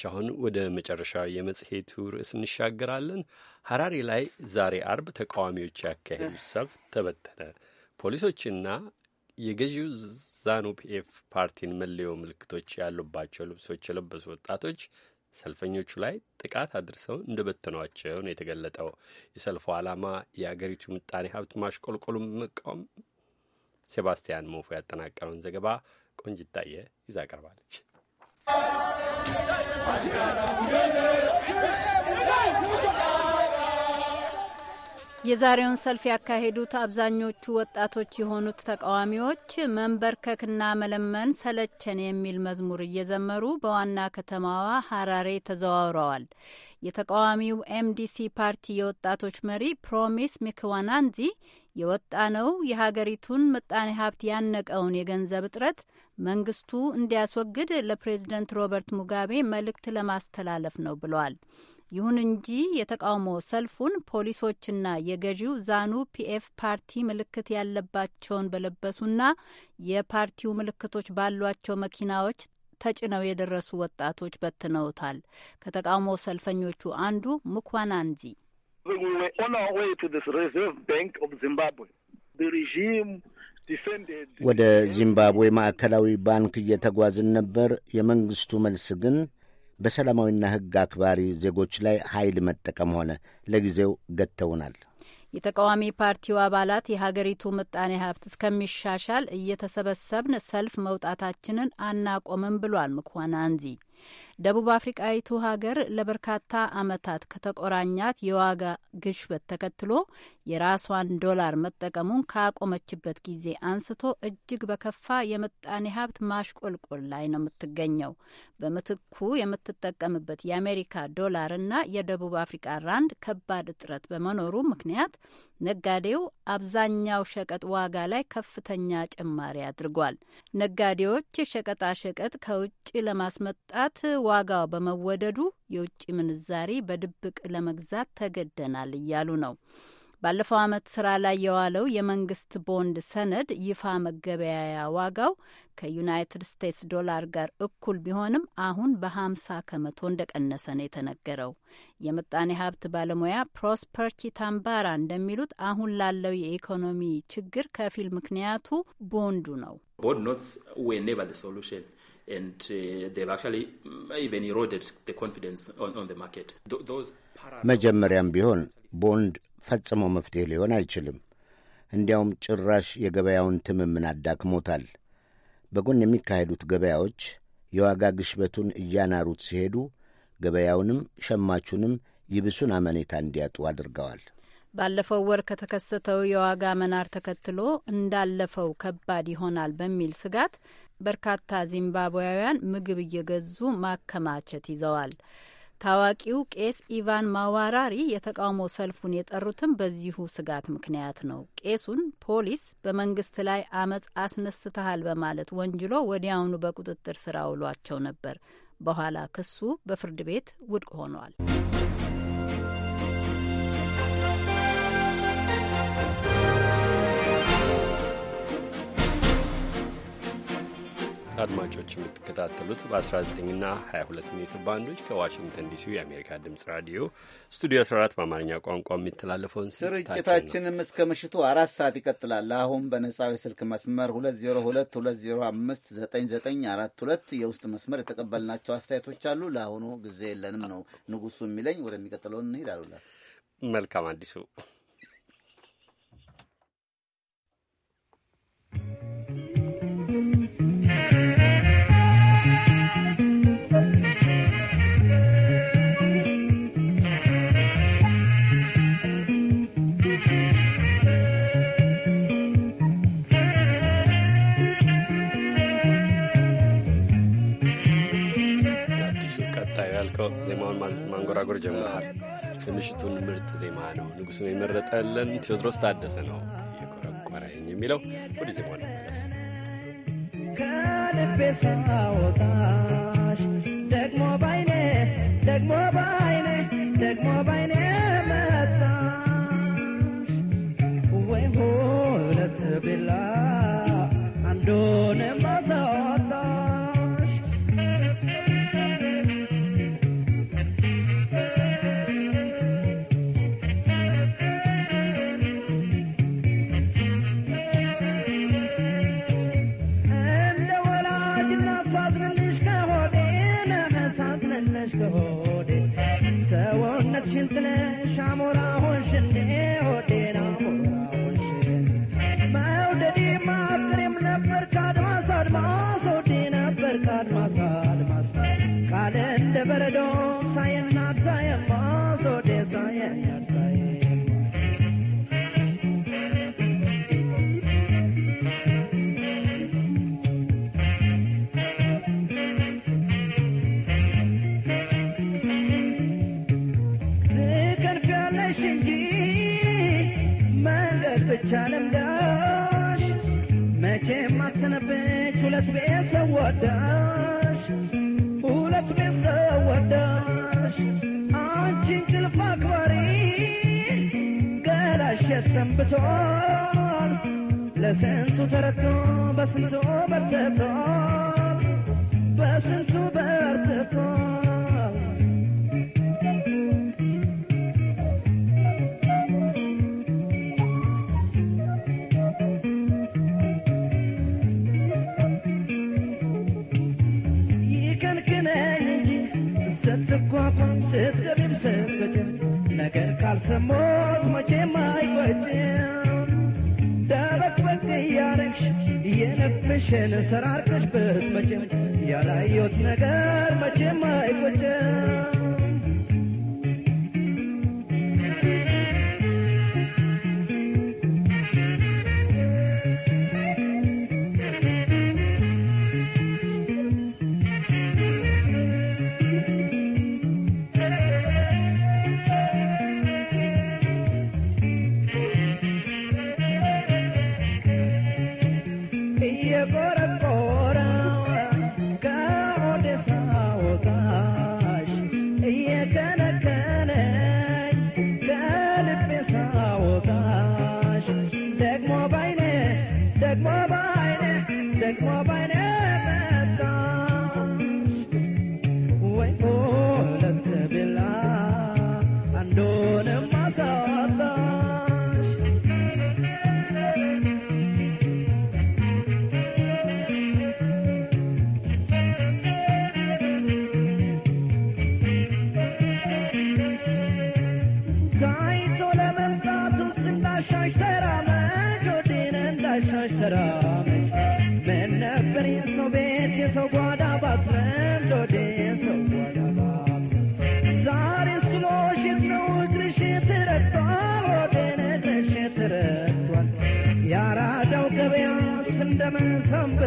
ርዕሶች። አሁን ወደ መጨረሻው የመጽሔቱ ርዕስ እንሻገራለን። ሀራሪ ላይ ዛሬ አርብ ተቃዋሚዎች ያካሄዱ ሰልፍ ተበተነ። ፖሊሶችና የገዢው ዛኑ ፒኤፍ ፓርቲን መለዮ ምልክቶች ያሉባቸው ልብሶች የለበሱ ወጣቶች ሰልፈኞቹ ላይ ጥቃት አድርሰው እንደበተኗቸው ነው የተገለጠው። የሰልፉ ዓላማ የአገሪቱ ምጣኔ ሀብት ማሽቆልቆሉን በመቃወም ሴባስቲያን ሞፎ ያጠናቀረውን ዘገባ ቆንጅታየ ይዛ ቀርባለች። የዛሬውን ሰልፍ ያካሄዱት አብዛኞቹ ወጣቶች የሆኑት ተቃዋሚዎች መንበርከክና መለመን ሰለቸን የሚል መዝሙር እየዘመሩ በዋና ከተማዋ ሀራሬ ተዘዋውረዋል። የተቃዋሚው ኤምዲሲ ፓርቲ የወጣቶች መሪ ፕሮሚስ ሚክዋናንዚ የወጣ ነው የሀገሪቱን ምጣኔ ሀብት ያነቀውን የገንዘብ እጥረት መንግስቱ እንዲያስወግድ ለፕሬዝደንት ሮበርት ሙጋቤ መልእክት ለማስተላለፍ ነው ብሏል። ይሁን እንጂ የተቃውሞ ሰልፉን ፖሊሶችና የገዢው ዛኑ ፒኤፍ ፓርቲ ምልክት ያለባቸውን በለበሱና የፓርቲው ምልክቶች ባሏቸው መኪናዎች ተጭነው የደረሱ ወጣቶች በትነውታል። ከተቃውሞ ሰልፈኞቹ አንዱ ሙኳናንዚ ወደ ዚምባብዌ ማዕከላዊ ባንክ እየተጓዝን ነበር። የመንግሥቱ መልስ ግን በሰላማዊና ሕግ አክባሪ ዜጎች ላይ ኃይል መጠቀም ሆነ። ለጊዜው ገጥተውናል። የተቃዋሚ ፓርቲው አባላት የሀገሪቱ ምጣኔ ሀብት እስከሚሻሻል እየተሰበሰብን ሰልፍ መውጣታችንን አናቆምም ብሏል ምኳናንዚ። ደቡብ አፍሪቃዊቱ ሀገር ለበርካታ ዓመታት ከተቆራኛት የዋጋ ግሽበት ተከትሎ የራሷን ዶላር መጠቀሙን ካቆመችበት ጊዜ አንስቶ እጅግ በከፋ የምጣኔ ሀብት ማሽቆልቆል ላይ ነው የምትገኘው። በምትኩ የምትጠቀምበት የአሜሪካ ዶላርና የደቡብ አፍሪቃ ራንድ ከባድ እጥረት በመኖሩ ምክንያት ነጋዴው አብዛኛው ሸቀጥ ዋጋ ላይ ከፍተኛ ጭማሪ አድርጓል። ነጋዴዎች ሸቀጣሸቀጥ ከውጭ ለማስመጣት ዋጋው በመወደዱ የውጭ ምንዛሪ በድብቅ ለመግዛት ተገደናል እያሉ ነው። ባለፈው ዓመት ስራ ላይ የዋለው የመንግስት ቦንድ ሰነድ ይፋ መገበያያ ዋጋው ከዩናይትድ ስቴትስ ዶላር ጋር እኩል ቢሆንም አሁን በ50 ከመቶ እንደቀነሰ ነው የተነገረው። የምጣኔ ሀብት ባለሙያ ፕሮስፐር ቺታምባራ እንደሚሉት አሁን ላለው የኢኮኖሚ ችግር ከፊል ምክንያቱ ቦንዱ ነው። ቦንድ ኖትስ ዌ ኔቨር ሶሉሽን and uh, they've actually mm, even eroded the confidence on, on the market. Those መጀመሪያም ቢሆን ቦንድ ፈጽሞ መፍትሄ ሊሆን አይችልም። እንዲያውም ጭራሽ የገበያውን ትምምን አዳክሞታል። በጎን የሚካሄዱት ገበያዎች የዋጋ ግሽበቱን እያናሩት ሲሄዱ ገበያውንም ሸማቹንም ይብሱን አመኔታ እንዲያጡ አድርገዋል። ባለፈው ወር ከተከሰተው የዋጋ መናር ተከትሎ እንዳለፈው ከባድ ይሆናል በሚል ስጋት በርካታ ዚምባብዌያውያን ምግብ እየገዙ ማከማቸት ይዘዋል። ታዋቂው ቄስ ኢቫን ማዋራሪ የተቃውሞ ሰልፉን የጠሩትም በዚሁ ስጋት ምክንያት ነው። ቄሱን ፖሊስ በመንግስት ላይ አመፅ አስነስተሃል በማለት ወንጅሎ ወዲያውኑ በቁጥጥር ስር አውሏቸው ነበር። በኋላ ክሱ በፍርድ ቤት ውድቅ ሆኗል። አድማጮች የምትከታተሉት በ19ና 22 ሜትር ባንዶች ከዋሽንግተን ዲሲ የአሜሪካ ድምፅ ራዲዮ ስቱዲዮ 14 በአማርኛ ቋንቋ የሚተላለፈውን ስርጭታችንም እስከ ምሽቱ አራት ሰዓት ይቀጥላል። አሁን በነጻው የስልክ መስመር 2022059942 የውስጥ መስመር የተቀበልናቸው አስተያየቶች አሉ። ለአሁኑ ጊዜ የለንም ነው ንጉሱ የሚለኝ። ወደሚቀጥለው እንሂድ። መልካም አዲሱ ማክበር ጀምረሃል። የምሽቱን ምርጥ ዜማ ነው ንጉሱ ነው የመረጠልን። ቴዎድሮስ ታደሰ ነው የቆረቆረኝ የሚለው ወደ ዜማ ንመለስ ከልቤ ሳወጣሽ ደግሞ ባይኔ ደግሞ ባ وداش ولا تنسى وداش عجين تلفاك ورين قال الشيخ سنبتون لسنتو ترتو بس انتو برتتون بس انتو برتتون ስሞት መቼም አይቆጭም ደበቅበቅ እያረግሽ የልብሽን ሰራርቅሽ ብትመጭም ያላየሁት ነገር መቼም አይቆጭም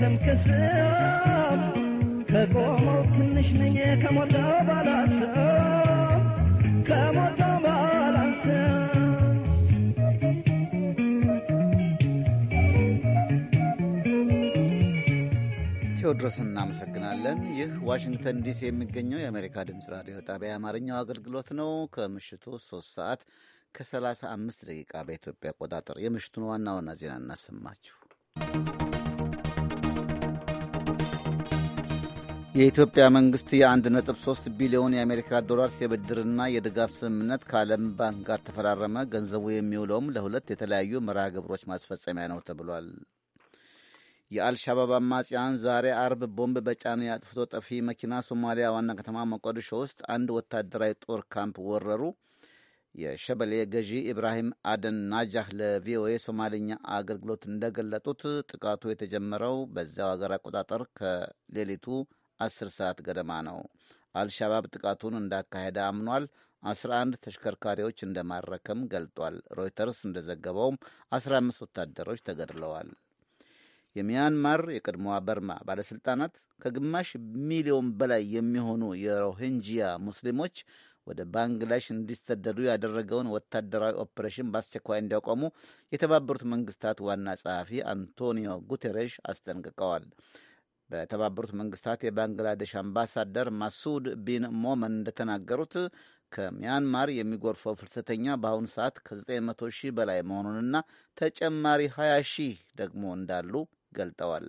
ከስምክስም ከቆመው ትንሽ ከሞተው ከሞተው ቴዎድሮስ እናመሰግናለን። ይህ ዋሽንግተን ዲሲ የሚገኘው የአሜሪካ ድምፅ ራዲዮ ጣቢያ የአማርኛው አገልግሎት ነው። ከምሽቱ 3 ሰዓት ከ35 ደቂቃ በኢትዮጵያ አቆጣጠር የምሽቱን ዋና ዋና ዜና እናሰማችሁ። የኢትዮጵያ መንግስት የ1.3 ቢሊዮን የአሜሪካ ዶላርስ የብድርና የድጋፍ ስምምነት ከዓለም ባንክ ጋር ተፈራረመ። ገንዘቡ የሚውለውም ለሁለት የተለያዩ መርሃ ግብሮች ማስፈጸሚያ ነው ተብሏል። የአልሻባብ አማጽያን ዛሬ አርብ ቦምብ በጫነ የአጥፍቶ ጠፊ መኪና ሶማሊያ ዋና ከተማ ሞቃዲሾ ውስጥ አንድ ወታደራዊ ጦር ካምፕ ወረሩ። የሸበሌ ገዢ ኢብራሂም አደን ናጃህ ለቪኦኤ ሶማልኛ አገልግሎት እንደገለጡት ጥቃቱ የተጀመረው በዚያው አገር አቆጣጠር ከሌሊቱ 10 ሰዓት ገደማ ነው። አልሻባብ ጥቃቱን እንዳካሄደ አምኗል። 11 ተሽከርካሪዎች እንደማረከም ገልጧል። ሮይተርስ እንደዘገበውም 15 ወታደሮች ተገድለዋል። የሚያንማር የቀድሞዋ በርማ ባለሥልጣናት ከግማሽ ሚሊዮን በላይ የሚሆኑ የሮሂንጂያ ሙስሊሞች ወደ ባንግላሽ እንዲሰደዱ ያደረገውን ወታደራዊ ኦፕሬሽን በአስቸኳይ እንዲያቆሙ የተባበሩት መንግስታት ዋና ጸሐፊ አንቶኒዮ ጉቴሬሽ አስጠንቅቀዋል። በተባበሩት መንግስታት የባንግላዴሽ አምባሳደር ማሱድ ቢን ሞመን እንደተናገሩት ከሚያንማር የሚጎርፈው ፍልሰተኛ በአሁኑ ሰዓት ከ900 ሺህ በላይ መሆኑንና ተጨማሪ 20 ሺህ ደግሞ እንዳሉ ገልጠዋል።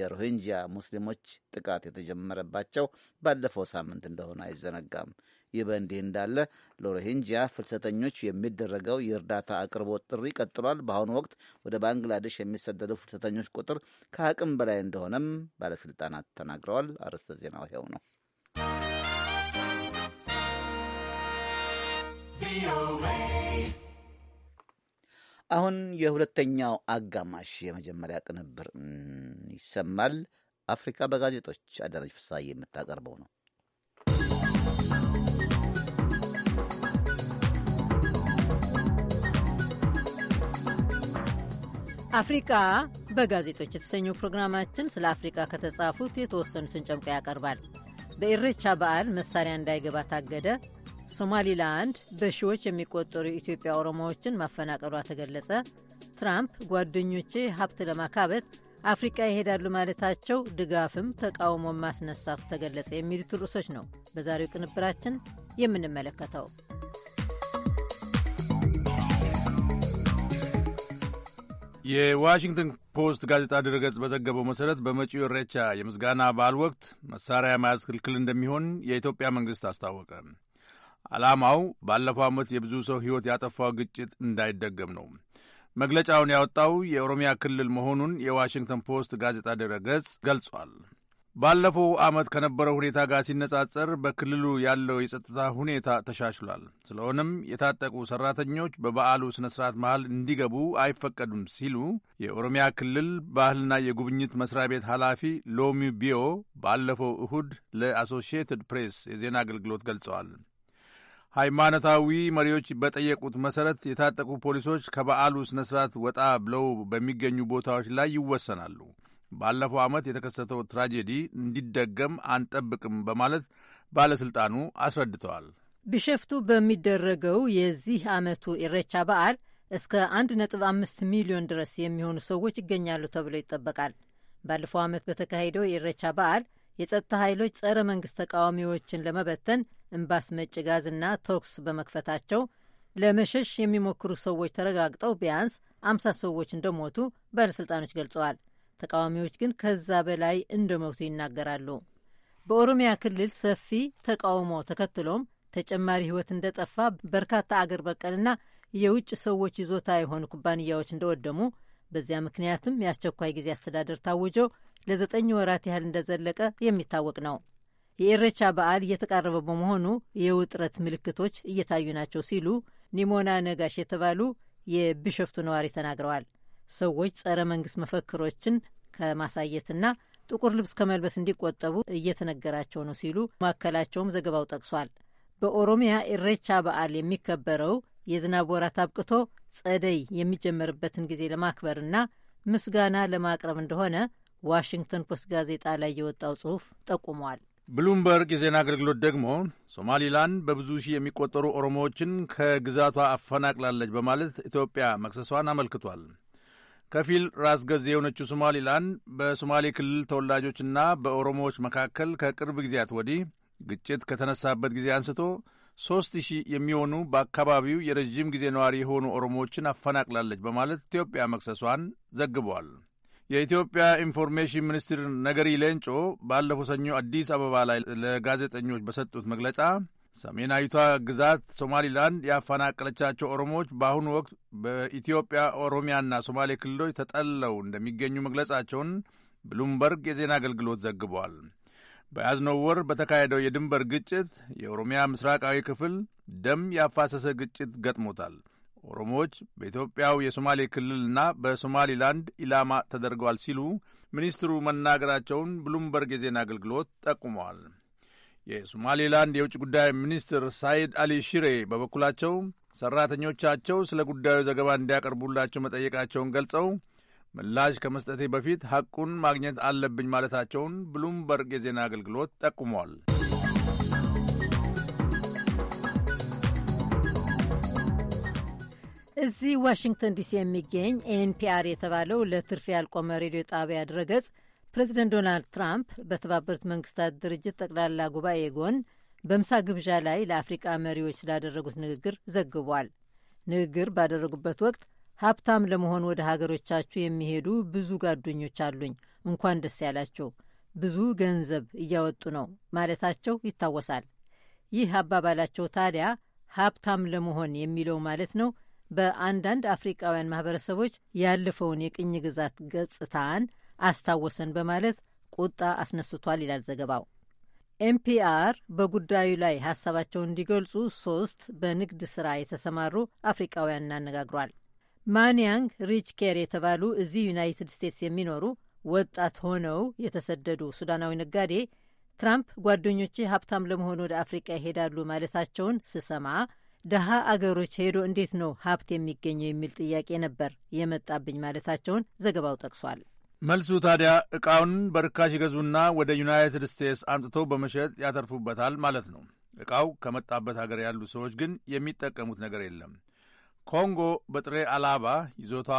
የሮሂንጃ ሙስሊሞች ጥቃት የተጀመረባቸው ባለፈው ሳምንት እንደሆነ አይዘነጋም። ይህ በእንዲህ እንዳለ ለሮሂንጂያ ፍልሰተኞች የሚደረገው የእርዳታ አቅርቦት ጥሪ ቀጥሏል። በአሁኑ ወቅት ወደ ባንግላዴሽ የሚሰደዱ ፍልሰተኞች ቁጥር ከአቅም በላይ እንደሆነም ባለስልጣናት ተናግረዋል። አርዕስተ ዜናው ይኸው ነው። አሁን የሁለተኛው አጋማሽ የመጀመሪያ ቅንብር ይሰማል። አፍሪካ በጋዜጦች አዳነች ፍስሐዬ የምታቀርበው ነው። አፍሪካ በጋዜጦች የተሰኘው ፕሮግራማችን ስለ አፍሪቃ ከተጻፉት የተወሰኑትን ጨምቆ ያቀርባል። በኢሬቻ በዓል መሳሪያ እንዳይገባ ታገደ፣ ሶማሊላንድ በሺዎች የሚቆጠሩ የኢትዮጵያ ኦሮሞዎችን ማፈናቀሏ ተገለጸ፣ ትራምፕ ጓደኞቼ ሀብት ለማካበት አፍሪቃ ይሄዳሉ ማለታቸው ድጋፍም ተቃውሞ ማስነሳቱ ተገለጸ የሚሉት ርዕሶች ነው በዛሬው ቅንብራችን የምንመለከተው። የዋሽንግተን ፖስት ጋዜጣ ድረገጽ በዘገበው መሠረት በመጪው ኢሬቻ የምስጋና በዓል ወቅት መሳሪያ መያዝ ክልክል እንደሚሆን የኢትዮጵያ መንግሥት አስታወቀ። ዓላማው ባለፈው ዓመት የብዙ ሰው ሕይወት ያጠፋው ግጭት እንዳይደገም ነው። መግለጫውን ያወጣው የኦሮሚያ ክልል መሆኑን የዋሽንግተን ፖስት ጋዜጣ ድረገጽ ገልጿል። ባለፈው ዓመት ከነበረው ሁኔታ ጋር ሲነጻጸር በክልሉ ያለው የጸጥታ ሁኔታ ተሻሽሏል። ስለሆነም የታጠቁ ሰራተኞች በበዓሉ ስነ ስርዓት መሃል እንዲገቡ አይፈቀዱም ሲሉ የኦሮሚያ ክልል ባህልና የጉብኝት መስሪያ ቤት ኃላፊ ሎሚ ቢዮ ባለፈው እሁድ ለአሶሺየትድ ፕሬስ የዜና አገልግሎት ገልጸዋል። ሃይማኖታዊ መሪዎች በጠየቁት መሠረት የታጠቁ ፖሊሶች ከበዓሉ ስነ ስርዓት ወጣ ብለው በሚገኙ ቦታዎች ላይ ይወሰናሉ። ባለፈው ዓመት የተከሰተው ትራጀዲ እንዲደገም አንጠብቅም በማለት ባለሥልጣኑ አስረድተዋል። ቢሸፍቱ በሚደረገው የዚህ ዓመቱ ኢሬቻ በዓል እስከ 1.5 ሚሊዮን ድረስ የሚሆኑ ሰዎች ይገኛሉ ተብሎ ይጠበቃል። ባለፈው ዓመት በተካሄደው የኢሬቻ በዓል የጸጥታ ኃይሎች ጸረ መንግሥት ተቃዋሚዎችን ለመበተን እምባስ መጭ ጋዝና ተኩስ በመክፈታቸው ለመሸሽ የሚሞክሩ ሰዎች ተረጋግጠው ቢያንስ አምሳ ሰዎች እንደሞቱ ባለሥልጣኖች ገልጸዋል። ተቃዋሚዎች ግን ከዛ በላይ እንደሞቱ ይናገራሉ። በኦሮሚያ ክልል ሰፊ ተቃውሞ ተከትሎም ተጨማሪ ሕይወት እንደጠፋ በርካታ አገር በቀልና የውጭ ሰዎች ይዞታ የሆኑ ኩባንያዎች እንደወደሙ፣ በዚያ ምክንያትም የአስቸኳይ ጊዜ አስተዳደር ታውጆ ለዘጠኝ ወራት ያህል እንደዘለቀ የሚታወቅ ነው። የኢሬቻ በዓል እየተቃረበ በመሆኑ የውጥረት ምልክቶች እየታዩ ናቸው ሲሉ ኒሞና ነጋሽ የተባሉ የቢሾፍቱ ነዋሪ ተናግረዋል። ሰዎች ጸረ መንግስት መፈክሮችን ከማሳየትና ጥቁር ልብስ ከመልበስ እንዲቆጠቡ እየተነገራቸው ነው ሲሉ ማከላቸውም ዘገባው ጠቅሷል። በኦሮሚያ ኢሬቻ በዓል የሚከበረው የዝናብ ወራት አብቅቶ ጸደይ የሚጀመርበትን ጊዜ ለማክበርና ምስጋና ለማቅረብ እንደሆነ ዋሽንግተን ፖስት ጋዜጣ ላይ የወጣው ጽሑፍ ጠቁሟል። ብሉምበርግ የዜና አገልግሎት ደግሞ ሶማሊላንድ በብዙ ሺህ የሚቆጠሩ ኦሮሞዎችን ከግዛቷ አፈናቅላለች በማለት ኢትዮጵያ መክሰሷን አመልክቷል። ከፊል ራስ ገዝ የሆነችው ሶማሊላንድ በሶማሌ ክልል ተወላጆችና በኦሮሞዎች መካከል ከቅርብ ጊዜያት ወዲህ ግጭት ከተነሳበት ጊዜ አንስቶ ሦስት ሺህ የሚሆኑ በአካባቢው የረዥም ጊዜ ነዋሪ የሆኑ ኦሮሞዎችን አፈናቅላለች በማለት ኢትዮጵያ መክሰሷን ዘግቧል። የኢትዮጵያ ኢንፎርሜሽን ሚኒስትር ነገሪ ሌንጮ ባለፈው ሰኞ አዲስ አበባ ላይ ለጋዜጠኞች በሰጡት መግለጫ ሰሜናዊቷ ግዛት ሶማሊላንድ ያፈናቀለቻቸው ኦሮሞዎች በአሁኑ ወቅት በኢትዮጵያ ኦሮሚያና ሶማሌ ክልሎች ተጠለው እንደሚገኙ መግለጻቸውን ብሉምበርግ የዜና አገልግሎት ዘግቧል። በያዝነው ወር በተካሄደው የድንበር ግጭት የኦሮሚያ ምስራቃዊ ክፍል ደም ያፋሰሰ ግጭት ገጥሞታል። ኦሮሞዎች በኢትዮጵያው የሶማሌ ክልልና በሶማሊላንድ ኢላማ ተደርገዋል ሲሉ ሚኒስትሩ መናገራቸውን ብሉምበርግ የዜና አገልግሎት ጠቁመዋል። የሶማሌላንድ የውጭ ጉዳይ ሚኒስትር ሳይድ አሊ ሺሬ በበኩላቸው ሰራተኞቻቸው ስለ ጉዳዩ ዘገባ እንዲያቀርቡላቸው መጠየቃቸውን ገልጸው ምላሽ ከመስጠቴ በፊት ሐቁን ማግኘት አለብኝ ማለታቸውን ብሉምበርግ የዜና አገልግሎት ጠቁሟል። እዚህ ዋሽንግተን ዲሲ የሚገኝ ኤንፒአር የተባለው ለትርፍ ያልቆመ ሬዲዮ ጣቢያ ድረገጽ ፕሬዚደንት ዶናልድ ትራምፕ በተባበሩት መንግስታት ድርጅት ጠቅላላ ጉባኤ ጎን በምሳ ግብዣ ላይ ለአፍሪቃ መሪዎች ስላደረጉት ንግግር ዘግቧል። ንግግር ባደረጉበት ወቅት ሀብታም ለመሆን ወደ ሀገሮቻችሁ የሚሄዱ ብዙ ጓደኞች አሉኝ፣ እንኳን ደስ ያላቸው፣ ብዙ ገንዘብ እያወጡ ነው ማለታቸው ይታወሳል። ይህ አባባላቸው ታዲያ ሀብታም ለመሆን የሚለው ማለት ነው በአንዳንድ አፍሪቃውያን ማህበረሰቦች ያለፈውን የቅኝ ግዛት ገጽታን አስታወሰን በማለት ቁጣ አስነስቷል ይላል ዘገባው። ኤምፒአር በጉዳዩ ላይ ሀሳባቸውን እንዲገልጹ ሶስት በንግድ ሥራ የተሰማሩ አፍሪቃውያን አነጋግሯል። ማንያንግ ሪች ኬር የተባሉ እዚህ ዩናይትድ ስቴትስ የሚኖሩ ወጣት ሆነው የተሰደዱ ሱዳናዊ ነጋዴ ትራምፕ ጓደኞቼ ሀብታም ለመሆኑ ወደ አፍሪቃ ይሄዳሉ ማለታቸውን ስሰማ ደሃ አገሮች ሄዶ እንዴት ነው ሀብት የሚገኘው የሚል ጥያቄ ነበር የመጣብኝ ማለታቸውን ዘገባው ጠቅሷል። መልሱ ታዲያ ዕቃውን በርካሽ ይገዙና ወደ ዩናይትድ ስቴትስ አምጥተው በመሸጥ ያተርፉበታል ማለት ነው። ዕቃው ከመጣበት አገር ያሉ ሰዎች ግን የሚጠቀሙት ነገር የለም። ኮንጎ በጥሬ አላባ ይዞታ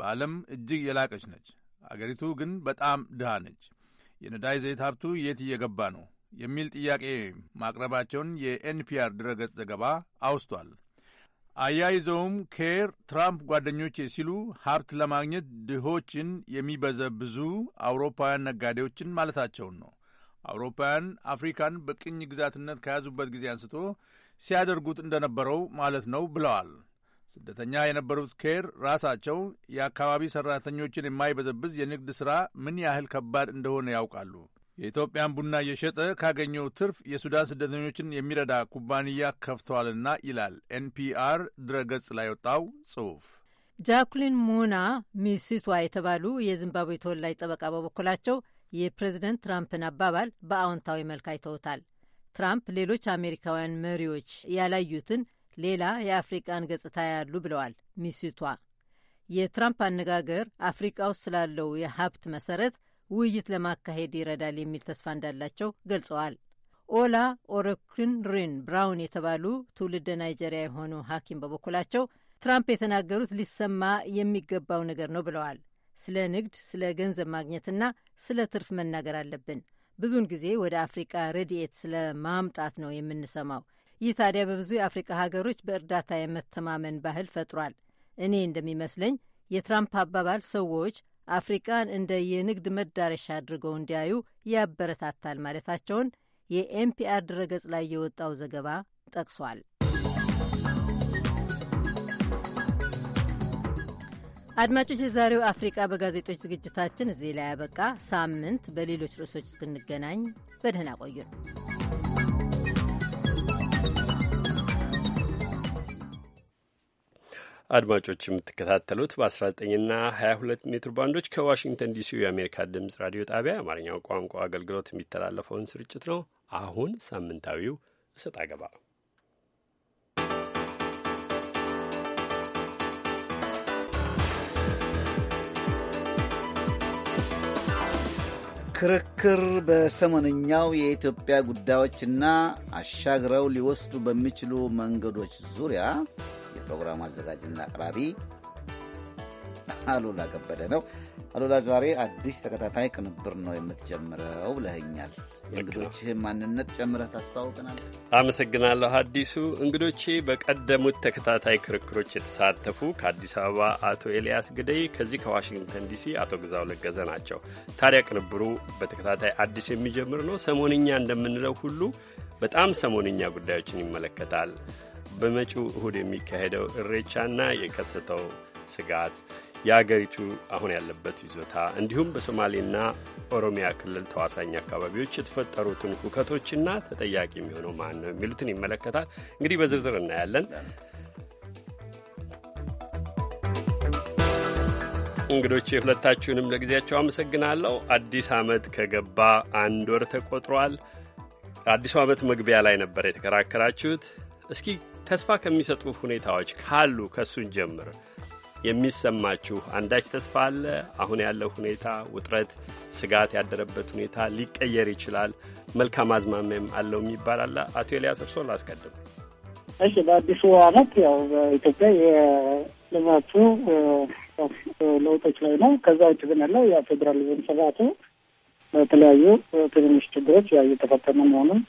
በዓለም እጅግ የላቀች ነች። አገሪቱ ግን በጣም ድሃ ነች። የነዳጅ ዘይት ሀብቱ የት እየገባ ነው የሚል ጥያቄ ማቅረባቸውን የኤንፒአር ድረገጽ ዘገባ አውስቷል። አያይዘውም ኬር ትራምፕ ጓደኞቼ ሲሉ ሀብት ለማግኘት ድሆችን የሚበዘብዙ አውሮፓውያን ነጋዴዎችን ማለታቸውን ነው። አውሮፓውያን አፍሪካን በቅኝ ግዛትነት ከያዙበት ጊዜ አንስቶ ሲያደርጉት እንደነበረው ማለት ነው ብለዋል። ስደተኛ የነበሩት ኬር ራሳቸው የአካባቢ ሠራተኞችን የማይበዘብዝ የንግድ ሥራ ምን ያህል ከባድ እንደሆነ ያውቃሉ። የኢትዮጵያን ቡና እየሸጠ ካገኘው ትርፍ የሱዳን ስደተኞችን የሚረዳ ኩባንያ ከፍተዋልና ይላል ኤንፒአር ድረገጽ ላይ ወጣው ጽሑፍ። ጃክሊን ሙና ሚሲቷ የተባሉ የዚምባብዌ ተወላጅ ጠበቃ በበኩላቸው የፕሬዝደንት ትራምፕን አባባል በአዎንታዊ መልክ አይተውታል። ትራምፕ ሌሎች አሜሪካውያን መሪዎች ያላዩትን ሌላ የአፍሪቃን ገጽታ ያሉ ብለዋል ሚሲቷ። የትራምፕ አነጋገር አፍሪቃ ውስጥ ስላለው የሀብት መሰረት ውይይት ለማካሄድ ይረዳል የሚል ተስፋ እንዳላቸው ገልጸዋል። ኦላ ኦሮክንሪን ብራውን የተባሉ ትውልደ ናይጄሪያ የሆኑ ሐኪም በበኩላቸው ትራምፕ የተናገሩት ሊሰማ የሚገባው ነገር ነው ብለዋል። ስለ ንግድ፣ ስለ ገንዘብ ማግኘትና ስለ ትርፍ መናገር አለብን። ብዙውን ጊዜ ወደ አፍሪቃ ረድኤት ስለ ማምጣት ነው የምንሰማው። ይህ ታዲያ በብዙ የአፍሪቃ ሀገሮች በእርዳታ የመተማመን ባህል ፈጥሯል። እኔ እንደሚመስለኝ የትራምፕ አባባል ሰዎች አፍሪቃን እንደ የንግድ መዳረሻ አድርገው እንዲያዩ ያበረታታል ማለታቸውን የኤምፒአር ድረገጽ ላይ የወጣው ዘገባ ጠቅሷል። አድማጮች፣ የዛሬው አፍሪቃ በጋዜጦች ዝግጅታችን እዚህ ላይ ያበቃ። ሳምንት በሌሎች ርዕሶች እስክንገናኝ በደህና ቆዩን። አድማጮች የምትከታተሉት በ19ና 22 ሜትር ባንዶች ከዋሽንግተን ዲሲ የአሜሪካ ድምፅ ራዲዮ ጣቢያ የአማርኛው ቋንቋ አገልግሎት የሚተላለፈውን ስርጭት ነው። አሁን ሳምንታዊው እሰጥ አገባ ክርክር በሰሞነኛው የኢትዮጵያ ጉዳዮችና አሻግረው ሊወስዱ በሚችሉ መንገዶች ዙሪያ የፕሮግራሙ አዘጋጅና አቅራቢ አሉላ ከበደ ነው። አሉላ ዛሬ አዲስ ተከታታይ ቅንብር ነው የምትጀምረው ብለኸኛል። የእንግዶችህን ማንነት ጨምረህ ታስተዋውቀናል። አመሰግናለሁ አዲሱ። እንግዶቼ በቀደሙት ተከታታይ ክርክሮች የተሳተፉ ከአዲስ አበባ አቶ ኤልያስ ግደይ፣ ከዚህ ከዋሽንግተን ዲሲ አቶ ግዛው ለገዘ ናቸው። ታዲያ ቅንብሩ በተከታታይ አዲስ የሚጀምር ነው። ሰሞንኛ እንደምንለው ሁሉ በጣም ሰሞንኛ ጉዳዮችን ይመለከታል። በመጪው እሁድ የሚካሄደው እሬቻና የከሰተው ስጋት የአገሪቱ አሁን ያለበት ይዞታ እንዲሁም በሶማሌና ኦሮሚያ ክልል ተዋሳኝ አካባቢዎች የተፈጠሩትን ሁከቶችና ተጠያቂ የሚሆነው ማን ነው የሚሉትን ይመለከታል። እንግዲህ በዝርዝር እናያለን። እንግዶች የሁለታችሁንም ለጊዜያቸው አመሰግናለሁ። አዲስ ዓመት ከገባ አንድ ወር ተቆጥሯል። አዲሱ ዓመት መግቢያ ላይ ነበር የተከራከራችሁት። እስኪ ተስፋ ከሚሰጡ ሁኔታዎች ካሉ ከእሱን ጀምር። የሚሰማችሁ አንዳች ተስፋ አለ? አሁን ያለው ሁኔታ ውጥረት፣ ስጋት ያደረበት ሁኔታ ሊቀየር ይችላል፣ መልካም አዝማሚያም አለው የሚባል አለ። አቶ ኤልያስ እርስዎን ላስቀድም። እሺ፣ በአዲሱ አመት ያው በኢትዮጵያ የልማቱ ለውጦች ላይ ነው። ከዛ ውጭ ግን ያለው የፌዴራሊዝም ስርዓቱ በተለያዩ ትንንሽ ችግሮች ያው እየተፈተነ መሆኑን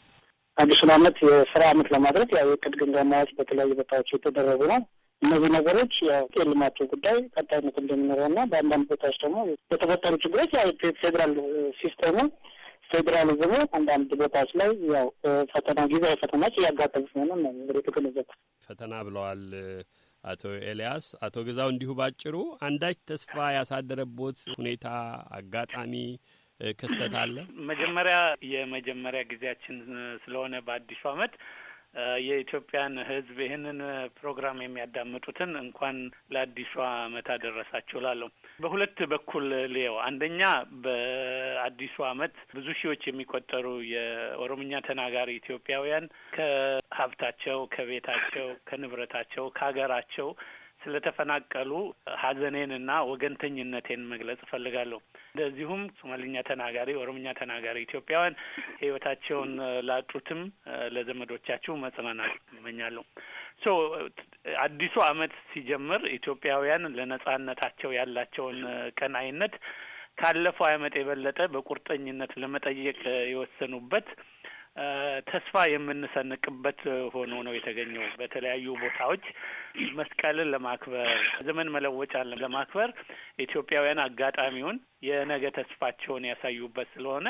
አዲሱን አመት የስራ አመት ለማድረግ ያው የቅድ ግምገማዎች በተለያዩ ቦታዎች የተደረጉ ነው። እነዚህ ነገሮች ያው የልማቸው ጉዳይ ቀጣይነት እንደሚኖረው እንደሚኖረውና በአንዳንድ ቦታዎች ደግሞ የተፈጠሩ ችግሮች ያው ፌዴራል ሲስተሙ ፌዴራሊዝሙ አንዳንድ ቦታዎች ላይ ያው ፈተና ጊዜያዊ ፈተናዎች እያጋጠሙት ነው ነው እንግዲህ የተገነዘብኩት ፈተና ብለዋል አቶ ኤልያስ። አቶ ገዛው እንዲሁ ባጭሩ አንዳች ተስፋ ያሳደረቦት ሁኔታ አጋጣሚ ክስተት አለ? መጀመሪያ የመጀመሪያ ጊዜያችን ስለሆነ በአዲሱ ዓመት የኢትዮጵያን ሕዝብ ይህንን ፕሮግራም የሚያዳምጡትን እንኳን ለአዲሱ ዓመት አደረሳችሁ ላለሁ በሁለት በኩል ልየው። አንደኛ በአዲሱ አመት ብዙ ሺዎች የሚቆጠሩ የኦሮምኛ ተናጋሪ ኢትዮጵያውያን ከሀብታቸው፣ ከቤታቸው፣ ከንብረታቸው፣ ከሀገራቸው ስለተፈናቀሉ ሀዘኔንና ወገንተኝነቴን መግለጽ እፈልጋለሁ። እንደዚሁም ሶማሊኛ ተናጋሪ፣ ኦሮምኛ ተናጋሪ ኢትዮጵያውያን ህይወታቸውን ላጡትም ለዘመዶቻችሁ መጽናናት እመኛለሁ። ሶ አዲሱ አመት ሲጀምር ኢትዮጵያውያን ለነጻነታቸው ያላቸውን ቀናይነት ካለፈው አመት የበለጠ በቁርጠኝነት ለመጠየቅ የወሰኑበት ተስፋ የምንሰንቅበት ሆኖ ነው የተገኘው። በተለያዩ ቦታዎች መስቀልን ለማክበር ዘመን መለወጫን ለማክበር ኢትዮጵያውያን አጋጣሚውን የነገ ተስፋቸውን ያሳዩበት ስለሆነ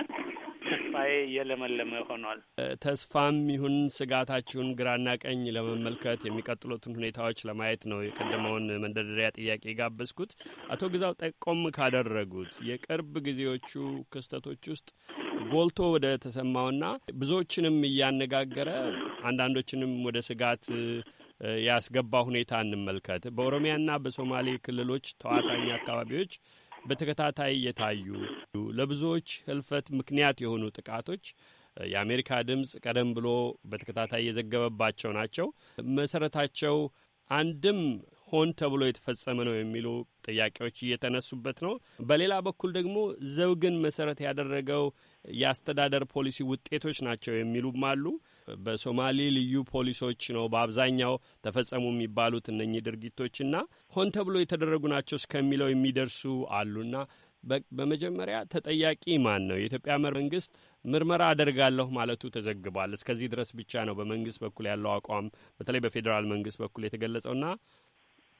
ተስፋዬ የለመለመ ሆኗል። ተስፋም ይሁን ስጋታችሁን ግራና ቀኝ ለመመልከት የሚቀጥሉትን ሁኔታዎች ለማየት ነው የቀደመውን መንደርደሪያ ጥያቄ ጋበዝኩት። አቶ ግዛው ጠቆም ካደረጉት የቅርብ ጊዜዎቹ ክስተቶች ውስጥ ጎልቶ ወደ ተሰማውና ብዙ ብዙዎችንም እያነጋገረ አንዳንዶችንም ወደ ስጋት ያስገባ ሁኔታ እንመልከት። በኦሮሚያና በሶማሌ ክልሎች ተዋሳኝ አካባቢዎች በተከታታይ የታዩ ለብዙዎች ህልፈት ምክንያት የሆኑ ጥቃቶች የአሜሪካ ድምፅ ቀደም ብሎ በተከታታይ የዘገበባቸው ናቸው። መሰረታቸው አንድም ሆን ተብሎ የተፈጸመ ነው የሚሉ ጥያቄዎች እየተነሱበት ነው። በሌላ በኩል ደግሞ ዘውግን መሰረት ያደረገው የአስተዳደር ፖሊሲ ውጤቶች ናቸው የሚሉም አሉ። በሶማሌ ልዩ ፖሊሶች ነው በአብዛኛው ተፈጸሙ የሚባሉት እነኚህ ድርጊቶችና ሆን ተብሎ የተደረጉ ናቸው እስከሚለው የሚደርሱ አሉና በመጀመሪያ ተጠያቂ ማን ነው? የኢትዮጵያ መንግስት ምርመራ አደርጋለሁ ማለቱ ተዘግቧል። እስከዚህ ድረስ ብቻ ነው በመንግስት በኩል ያለው አቋም በተለይ በፌዴራል መንግስት በኩል የተገለጸውና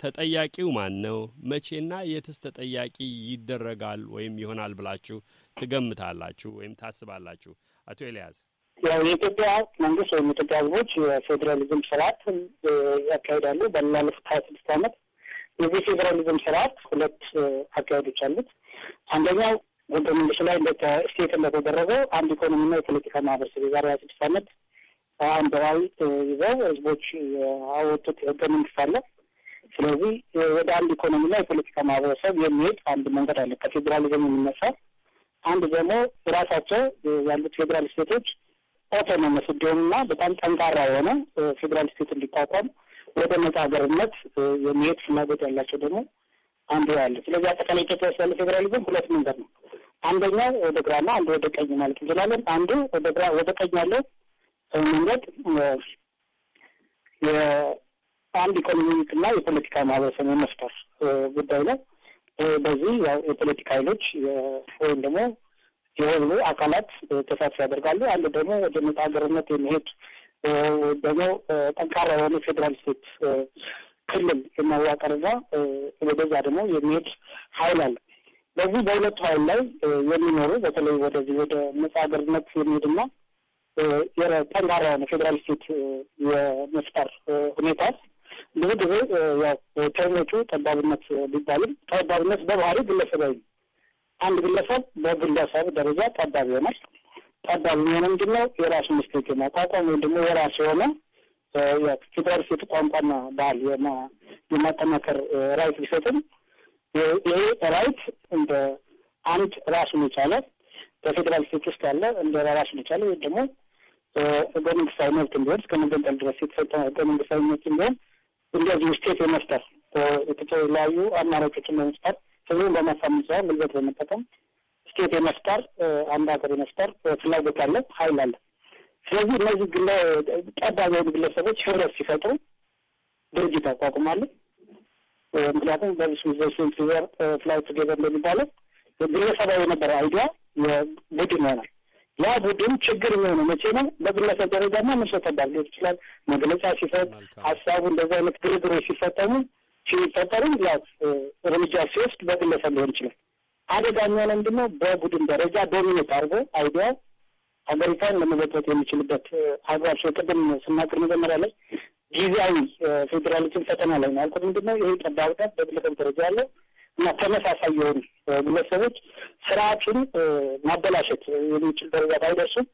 ተጠያቂው ማን ነው? መቼና የትስ ተጠያቂ ይደረጋል ወይም ይሆናል ብላችሁ ትገምታላችሁ ወይም ታስባላችሁ? አቶ ኤልያስ ያው የኢትዮጵያ መንግስት ወይም የኢትዮጵያ ህዝቦች የፌዴራሊዝም ስርዓት ያካሂዳሉ። በላለፉት ሀያ ስድስት ዓመት የዚህ ፌዴራሊዝም ስርዓት ሁለት አካሄዶች አሉት። አንደኛው ወደ መንግስት ላይ እንደ ስቴት እንደተደረገው አንድ ኢኮኖሚና የፖለቲካ ማህበረሰብ የዛሬ ሀያ ስድስት ዓመት አንድ ራዕይ ይዘው ህዝቦች ያወጡት ህገ መንግስት አለ ስለዚህ ወደ አንድ ኢኮኖሚና የፖለቲካ ማህበረሰብ የሚሄድ አንድ መንገድ አለ ከፌዴራሊዝም የሚነሳ አንድ ደግሞ ራሳቸው ያሉት ፌዴራል ስቴቶች ኦቶኖመስ እንዲሆኑና በጣም ጠንካራ የሆነ ፌዴራል ስቴት እንዲቋቋም ወደ ነጻ ሀገርነት የሚሄድ ፍላጎት ያላቸው ደግሞ አንዱ ያለ። ስለዚህ አጠቃላይ ኢትዮጵያ ውስጥ ያለ ፌዴራሊዝም ሁለት መንገድ ነው። አንደኛው ወደ ግራና አንዱ ወደ ቀኝ ማለት እንችላለን። አንዱ ወደ ግራ ወደ ቀኝ ያለው መንገድ አንድ ና የፖለቲካ ማህበረሰብ የመፍጠር ጉዳይ ነው። በዚህ ያው የፖለቲካ ኃይሎች ወይም ደግሞ የህዝቡ አካላት ተሳትፎ ያደርጋሉ። አንድ ደግሞ ወደ ነጻ ሀገርነት የሚሄድ ደግሞ ጠንካራ የሆነ ፌዴራል ስቴት ክልል የማዋቀርና ወደዛ ደግሞ የሚሄድ ኃይል አለ። በዚህ በሁለቱ ኃይል ላይ የሚኖሩ በተለይ ወደዚህ ወደ ነጻ ሀገርነት የሚሄድና ጠንካራ የሆነ ፌዴራል ስቴት የመፍጠር ሁኔታ ብዙ ጊዜ ያው ተይነቱ ጠባብነት ቢባልም ጠባብነት በባህሪ ግለሰባዊ ነው። አንድ ግለሰብ በግለሰብ ደረጃ ጠባብ ይሆናል። ጠባብ የሚሆነ ምንድን ነው? የራሱ ምስቴክ አቋቋም ወይም ደግሞ የራሱ የሆነ ፊደርሴት ቋንቋና ባህል የማጠናከር ራይት ቢሰጥም ይሄ ራይት እንደ አንድ ራሱን የቻለ በፌዴራል ስቴት ውስጥ ያለ እንደ ራሱን የቻለ ወይም ደግሞ ህገ መንግስታዊ መብት እንዲሆን እስከ መገንጠል ድረስ የተሰጠ ህገ መንግስታዊ መብት እንዲሆን እንደዚህ ስቴት የመፍጠር የተለያዩ አማራጮችን በመፍጠር ህዝቡን በማሳመን ሳይሆን ጉልበት በመጠቀም ስቴት የመፍጠር አንድ ሀገር የመፍጠር ፍላጎት አለ፣ ሀይል አለ። ስለዚህ እነዚህ ጠባብ የሆኑ ግለሰቦች ህብረት ሲፈጥሩ ድርጅት አቋቁማሉ። ምክንያቱም በስሚዘሽን ሲዘር ፍላይ ቱጌዘር እንደሚባለው ግለሰባዊ የነበረ አይዲያ የቡድን ይሆናል። ያ ቡድን ችግር የሚሆነው መቼ ነው? በግለሰብ ደረጃማ መሰተባል ሊሆን ይችላል። መግለጫ ሲሰጥ ሀሳቡ እንደዚህ አይነት ግርግሮች ሲፈጠሙ ሲፈጠሩም ያው እርምጃ ሲወስድ በግለሰብ ሊሆን ይችላል። አደጋኛ ምንድን ነው? በቡድን ደረጃ ዶሚኔት አድርጎ አይዲያ ሀገሪቷን ለመበጠት የሚችልበት አግባብ ሰው ቅድም ስናገር መጀመሪያ ላይ ጊዜያዊ ፌዴራሊዝም ፈተና ላይ ነው ያልኩት። ምንድን ነው ይሄ ጠባብቃት በግለሰብ ደረጃ ያለው እና ተመሳሳይ የሆኑ ግለሰቦች ስርዓቱን ማበላሸት የሚችል ደረጃ ባይደርሱም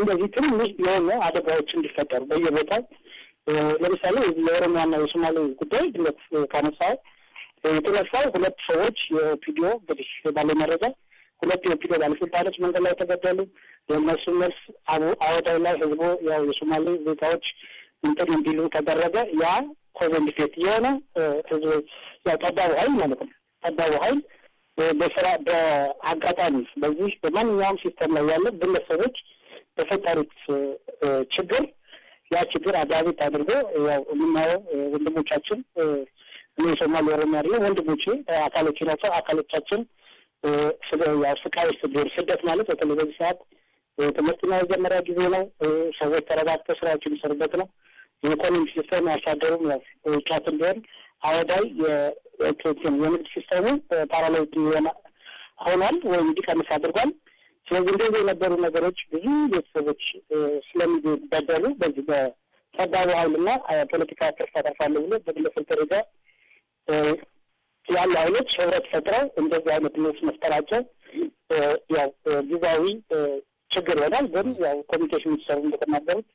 እንደዚህ ትንሽ የሆነ አደጋዎች እንዲፈጠሩ በየቦታው ለምሳሌ የኦሮሚያና የሶማሌ ጉዳይ ድለት ካነሳው የተነሳው ሁለት ሰዎች የፒዲዮ እንግዲህ ባለ መረጃ ሁለት የፒዲዮ ባለስልጣኖች መንገድ ላይ ተገደሉ። የእነሱ መልስ አወዳይ ላይ ህዝቡ ያው የሶማሌ ዜጋዎች እንትን እንዲሉ ተደረገ። ያ ኮዝ የሆነ ህዝብ ያው ጠባብ ኃይል ማለት ነው ታዳጊ ኃይል በስራ በአጋጣሚ በዚህ በማንኛውም ሲስተም ላይ ያለ ግለሰቦች በፈጠሩት ችግር ያ ችግር አጋቤት አድርጎ ያው የምናየው ወንድሞቻችን እኔ የሶማሌ ኦሮሚያ አድርገ ወንድሞቼ አካሎች ናቸው። አካሎቻችን ያው ስቃይ ስድር ስደት ማለት በተለይ በዚህ ሰዓት ትምህርትና የመጀመሪያ ጊዜ ነው። ሰዎች ተረጋግተው ስራዎች የሚሰሩበት ነው። የኢኮኖሚ ሲስተም ያሳደሩም ያው ጫት ቢሆን አወዳይ ፕሬዚደንት የንግድ ሲስተሙ ፓራላይዝ ሆኗል ወይም እንዲቀንስ አድርጓል። ስለዚህ እንደዚህ የነበሩ ነገሮች ብዙ ቤተሰቦች ስለሚበደሉ በዚህ በጸዳሉ ኃይልና ፖለቲካ ተሳተፋለ ብሎ በግለሰብ ደረጃ ያሉ ኃይሎች ህብረት ፈጥረው እንደዚህ አይነት ሌስ መፍጠራቸው ያው ጊዜያዊ ችግር ይሆናል። ግን ያው ኮሚኒኬሽን ሚኒስተሩ እንደተናገሩት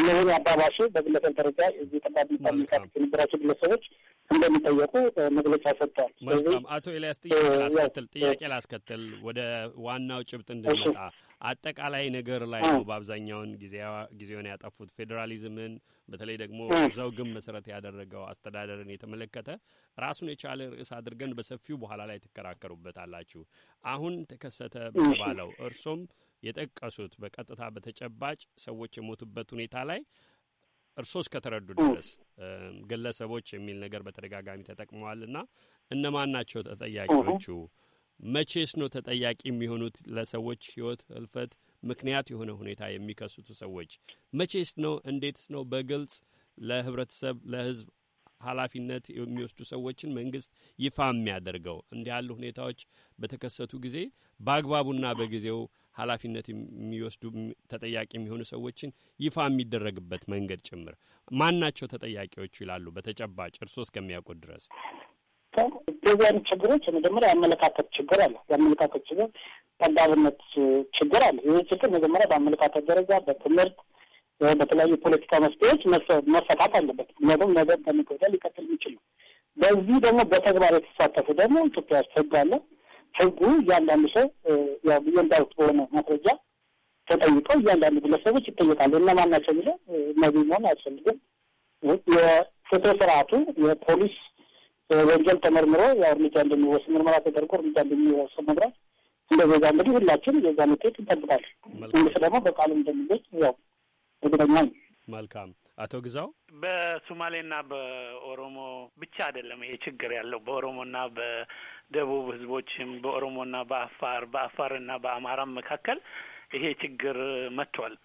እነሆን አባባሽ በግለሰብ ደረጃ እዚህ ጠባቢ ሚካት የነበራቸው ግለሰቦች እንደሚጠየቁ መግለጫ ሰጥቷል። መልካም አቶ ኤልያስ ጥያቄ ላስከትል ጥያቄ ላስከትል ወደ ዋናው ጭብጥ እንድንመጣ አጠቃላይ ነገር ላይ ነው በአብዛኛውን ጊዜውን ያጠፉት ፌዴራሊዝምን በተለይ ደግሞ ዘውግን መሰረት ያደረገው አስተዳደርን የተመለከተ ራሱን የቻለ ርዕስ አድርገን በሰፊው በኋላ ላይ ትከራከሩበታላችሁ። አሁን ተከሰተ በተባለው እርሶም የጠቀሱት በቀጥታ በተጨባጭ ሰዎች የሞቱበት ሁኔታ ላይ እርሶ እስከተረዱ ድረስ ግለሰቦች የሚል ነገር በተደጋጋሚ ተጠቅመዋልና እነማን ናቸው ተጠያቂዎቹ? መቼስ ነው ተጠያቂ የሚሆኑት? ለሰዎች ህይወት ህልፈት ምክንያት የሆነ ሁኔታ የሚከሱቱ ሰዎች መቼስ ነው? እንዴትስ ነው በግልጽ ለህብረተሰብ ለህዝብ ኃላፊነት የሚወስዱ ሰዎችን መንግስት ይፋ የሚያደርገው እንዲህ ያሉ ሁኔታዎች በተከሰቱ ጊዜ በአግባቡና በጊዜው ኃላፊነት የሚወስዱ ተጠያቂ የሚሆኑ ሰዎችን ይፋ የሚደረግበት መንገድ ጭምር ማን ናቸው ተጠያቂዎቹ ይላሉ። በተጨባጭ እርስዎ እስከሚያውቁት ድረስ እንደዚህ አይነት ችግሮች መጀመሪያ የአመለካከት ችግር አለ። የአመለካከት ችግር ጠጋብነት ችግር አለ። ይህ ችግር መጀመሪያ በአመለካከት ደረጃ በትምህርት በተለያዩ ፖለቲካ መፍትሄዎች መፈታት አለበት። ምክንያቱም ነገር በሚጎዳ ሊቀጥል የሚችል ነው። በዚህ ደግሞ በተግባር የተሳተፉ ደግሞ ኢትዮጵያ ውስጥ ህግ አለ። ህጉ እያንዳንዱ ሰው እንዳሉት በሆነ ማስረጃ ተጠይቀው እያንዳንዱ ግለሰቦች ይጠየቃሉ። እነማን ናቸው የሚለው እነዚህ መሆን አያስፈልግም። የፍትህ ስርዓቱ የፖሊስ ወንጀል ተመርምሮ ያው እርምጃ እንደሚወስድ ምርመራ ተደርጎ እርምጃ እንደሚወስድ መግራት እንደበዛ እንግዲህ ሁላችን የዛን ውጤት እንጠብቃለን። መንግስት ደግሞ በቃሉ እንደሚገኝ ያው እርግጠኛ መልካም አቶ ግዛው በሶማሌና በኦሮሞ ብቻ አይደለም ይሄ ችግር ያለው በኦሮሞና በደቡብ ህዝቦችም በኦሮሞና በአፋር በአፋርና በአማራም መካከል ይሄ ችግር መጥቷል።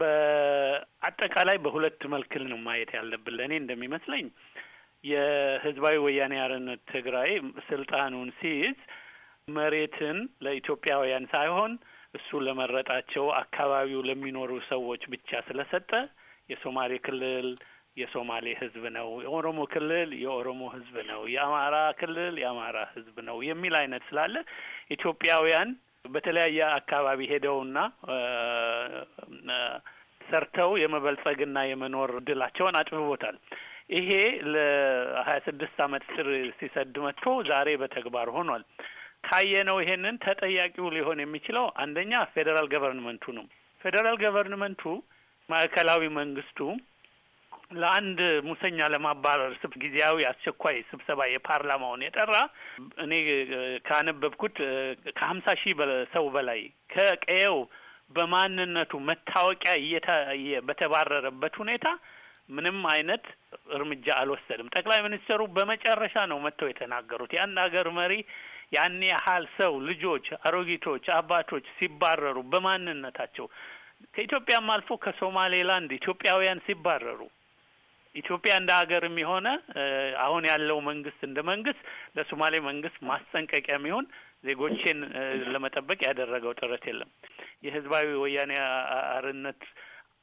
በአጠቃላይ በሁለት መልክል ነው ማየት ያለብን። ለእኔ እንደሚመስለኝ የህዝባዊ ወያኔ ሓርነት ትግራይ ስልጣኑን ሲይዝ መሬትን ለኢትዮጵያውያን ሳይሆን እሱ ለመረጣቸው አካባቢው ለሚኖሩ ሰዎች ብቻ ስለሰጠ የሶማሌ ክልል የሶማሌ ህዝብ ነው፣ የኦሮሞ ክልል የኦሮሞ ህዝብ ነው፣ የአማራ ክልል የአማራ ህዝብ ነው የሚል አይነት ስላለ ኢትዮጵያውያን በተለያየ አካባቢ ሄደውና ሰርተው የመበልጸግና የመኖር እድላቸውን አጭብቦታል። ይሄ ለሀያ ስድስት አመት ስር ሲሰድ መጥቶ ዛሬ በተግባር ሆኗል። ነው ይሄንን ተጠያቂው ሊሆን የሚችለው አንደኛ ፌዴራል ገቨርንመንቱ ነው። ፌዴራል ገቨርንመንቱ ማዕከላዊ መንግስቱ ለአንድ ሙሰኛ ለማባረር ስብ ጊዜያዊ አስቸኳይ ስብሰባ የፓርላማውን የጠራ እኔ ካነበብኩት ከሀምሳ ሺህ ሰው በላይ ከቀየው በማንነቱ መታወቂያ እየታየ በተባረረበት ሁኔታ ምንም አይነት እርምጃ አልወሰድም። ጠቅላይ ሚኒስትሩ በመጨረሻ ነው መጥተው የተናገሩት። የአንድ ሀገር መሪ ያን ያህል ሰው ልጆች፣ አሮጊቶች፣ አባቶች ሲባረሩ በማንነታቸው ከኢትዮጵያም አልፎ ከሶማሌላንድ ኢትዮጵያውያን ሲባረሩ ኢትዮጵያ እንደ ሀገርም የሆነ አሁን ያለው መንግስት እንደ መንግስት ለሶማሌ መንግስት ማስጠንቀቂያ የሚሆን ዜጎቼን ለመጠበቅ ያደረገው ጥረት የለም። የህዝባዊ ወያኔ አርነት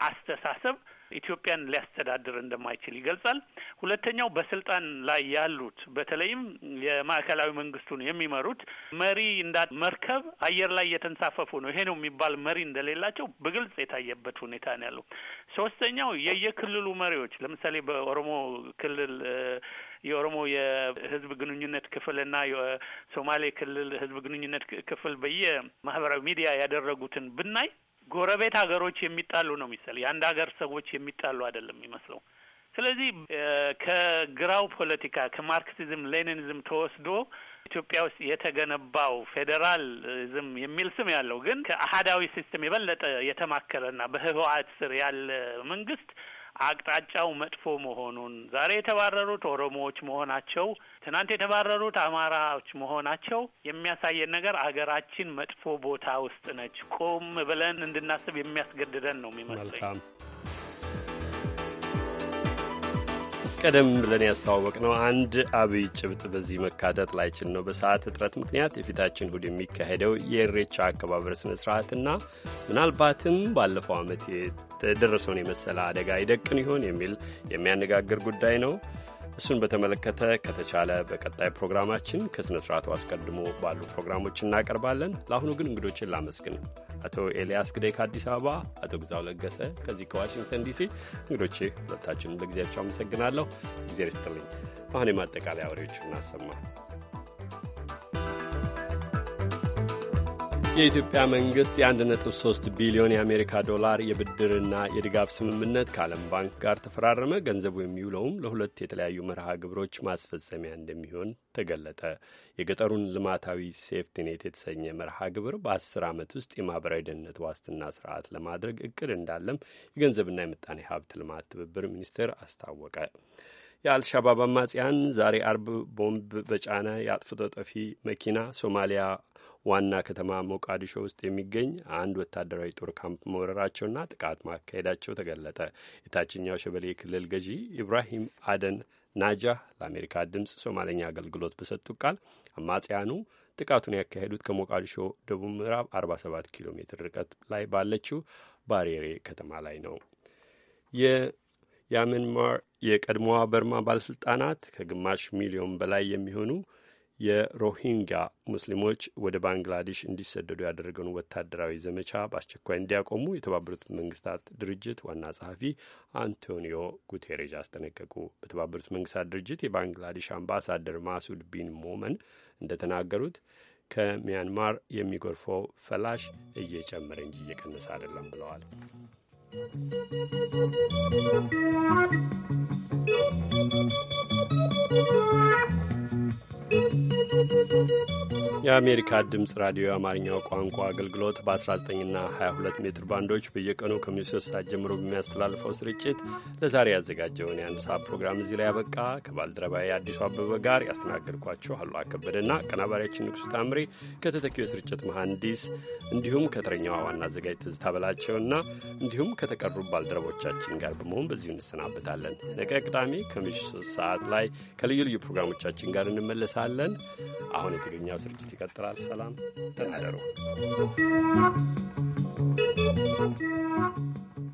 አስተሳሰብ ኢትዮጵያን ሊያስተዳድር እንደማይችል ይገልጻል። ሁለተኛው በስልጣን ላይ ያሉት በተለይም የማዕከላዊ መንግስቱን የሚመሩት መሪ እንዳ መርከብ አየር ላይ እየተንሳፈፉ ነው፣ ይሄ ነው የሚባል መሪ እንደሌላቸው በግልጽ የታየበት ሁኔታ ነው ያለው። ሶስተኛው የየክልሉ መሪዎች ለምሳሌ በኦሮሞ ክልል የኦሮሞ የህዝብ ግንኙነት ክፍልና የሶማሌ ክልል ህዝብ ግንኙነት ክፍል በየማህበራዊ ሚዲያ ያደረጉትን ብናይ ጎረቤት ሀገሮች የሚጣሉ ነው የሚመስል የአንድ ሀገር ሰዎች የሚጣሉ አይደለም የሚመስለው። ስለዚህ ከግራው ፖለቲካ ከማርክሲዝም ሌኒኒዝም ተወስዶ ኢትዮጵያ ውስጥ የተገነባው ፌዴራሊዝም የሚል ስም ያለው ግን ከአህዳዊ ሲስተም የበለጠ የተማከለና በህወሓት ስር ያለ መንግስት አቅጣጫው መጥፎ መሆኑን ዛሬ የተባረሩት ኦሮሞዎች መሆናቸው ትናንት የተባረሩት አማራዎች መሆናቸው የሚያሳየን ነገር አገራችን መጥፎ ቦታ ውስጥ ነች። ቆም ብለን እንድናስብ የሚያስገድደን ነው የሚመስለኝ። ቀደም ብለን ያስተዋወቅ ነው አንድ አብይ ጭብጥ በዚህ መካተት ላይችል ነው በሰዓት እጥረት ምክንያት የፊታችን እሁድ የሚካሄደው የእሬቻ አከባበር ስነ ስርዓትና ምናልባትም ባለፈው ዓመት የደረሰውን የመሰለ አደጋ ይደቅን ይሆን የሚል የሚያነጋግር ጉዳይ ነው። እሱን በተመለከተ ከተቻለ በቀጣይ ፕሮግራማችን ከሥነ ሥርዓቱ አስቀድሞ ባሉ ፕሮግራሞች እናቀርባለን። ለአሁኑ ግን እንግዶችን ላመስግን። አቶ ኤልያስ ግዳይ ከአዲስ አበባ፣ አቶ ግዛው ለገሰ ከዚህ ከዋሽንግተን ዲሲ እንግዶቼ ሁለታችንም ለጊዜያቸው አመሰግናለሁ። እግዜር ይስጥልኝ። አሁን የማጠቃለያ ወሬዎች እናሰማ። የኢትዮጵያ መንግሥት የ1.3 ቢሊዮን የአሜሪካ ዶላር የብድርና የድጋፍ ስምምነት ከዓለም ባንክ ጋር ተፈራረመ። ገንዘቡ የሚውለውም ለሁለት የተለያዩ መርሃ ግብሮች ማስፈጸሚያ እንደሚሆን ተገለጠ። የገጠሩን ልማታዊ ሴፍቲኔት የተሰኘ መርሃ ግብር በ10 ዓመት ውስጥ የማኅበራዊ ደህንነት ዋስትና ስርዓት ለማድረግ እቅድ እንዳለም የገንዘብና የምጣኔ ሀብት ልማት ትብብር ሚኒስቴር አስታወቀ። የአልሻባብ አማጽያን ዛሬ አርብ ቦምብ በጫነ የአጥፍቶ ጠፊ መኪና ሶማሊያ ዋና ከተማ ሞቃዲሾ ውስጥ የሚገኝ አንድ ወታደራዊ ጦር ካምፕ መውረራቸውና ጥቃት ማካሄዳቸው ተገለጠ። የታችኛው ሸበሌ ክልል ገዢ ኢብራሂም አደን ናጃህ ለአሜሪካ ድምፅ ሶማለኛ አገልግሎት በሰጡት ቃል አማጽያኑ ጥቃቱን ያካሄዱት ከሞቃዲሾ ደቡብ ምዕራብ 47 ኪሎ ሜትር ርቀት ላይ ባለችው ባሬሬ ከተማ ላይ ነው። የያምንማር የቀድሞዋ በርማ ባለስልጣናት ከግማሽ ሚሊዮን በላይ የሚሆኑ የሮሂንጋ ሙስሊሞች ወደ ባንግላዴሽ እንዲሰደዱ ያደረገውን ወታደራዊ ዘመቻ በአስቸኳይ እንዲያቆሙ የተባበሩት መንግስታት ድርጅት ዋና ጸሐፊ አንቶኒዮ ጉቴሬዥ አስጠነቀቁ። በተባበሩት መንግስታት ድርጅት የባንግላዴሽ አምባሳደር ማሱድ ቢን ሞመን እንደተናገሩት ከሚያንማር የሚጎርፈው ፈላሽ እየጨመረ እንጂ እየቀነሰ አይደለም ብለዋል። Thank you. የአሜሪካ ድምፅ ራዲዮ የአማርኛው ቋንቋ አገልግሎት በ19ና 22 ሜትር ባንዶች በየቀኑ ከምሽቱ ሶስት ሰዓት ጀምሮ በሚያስተላልፈው ስርጭት ለዛሬ ያዘጋጀውን የአንድ ሰዓት ፕሮግራም እዚህ ላይ ያበቃ። ከባልደረባዬ አዲሱ አበበ ጋር ያስተናገድኳችሁ አሉ አከበደና ቀናባሪያችን ንጉሱ ታምሬ ከተተኪው የስርጭት መሐንዲስ እንዲሁም ከተረኛዋ ዋና አዘጋጅ ትዝታ በላቸውና እንዲሁም ከተቀሩ ባልደረቦቻችን ጋር በመሆን በዚሁ እንሰናበታለን። ነገ ቅዳሜ ከምሽቱ ሶስት ሰዓት ላይ ከልዩ ልዩ ፕሮግራሞቻችን ጋር እንመለሳለን። አሁን የትግርኛው ስርጭት ይቀጥላል። ሰላም ተናደሩ።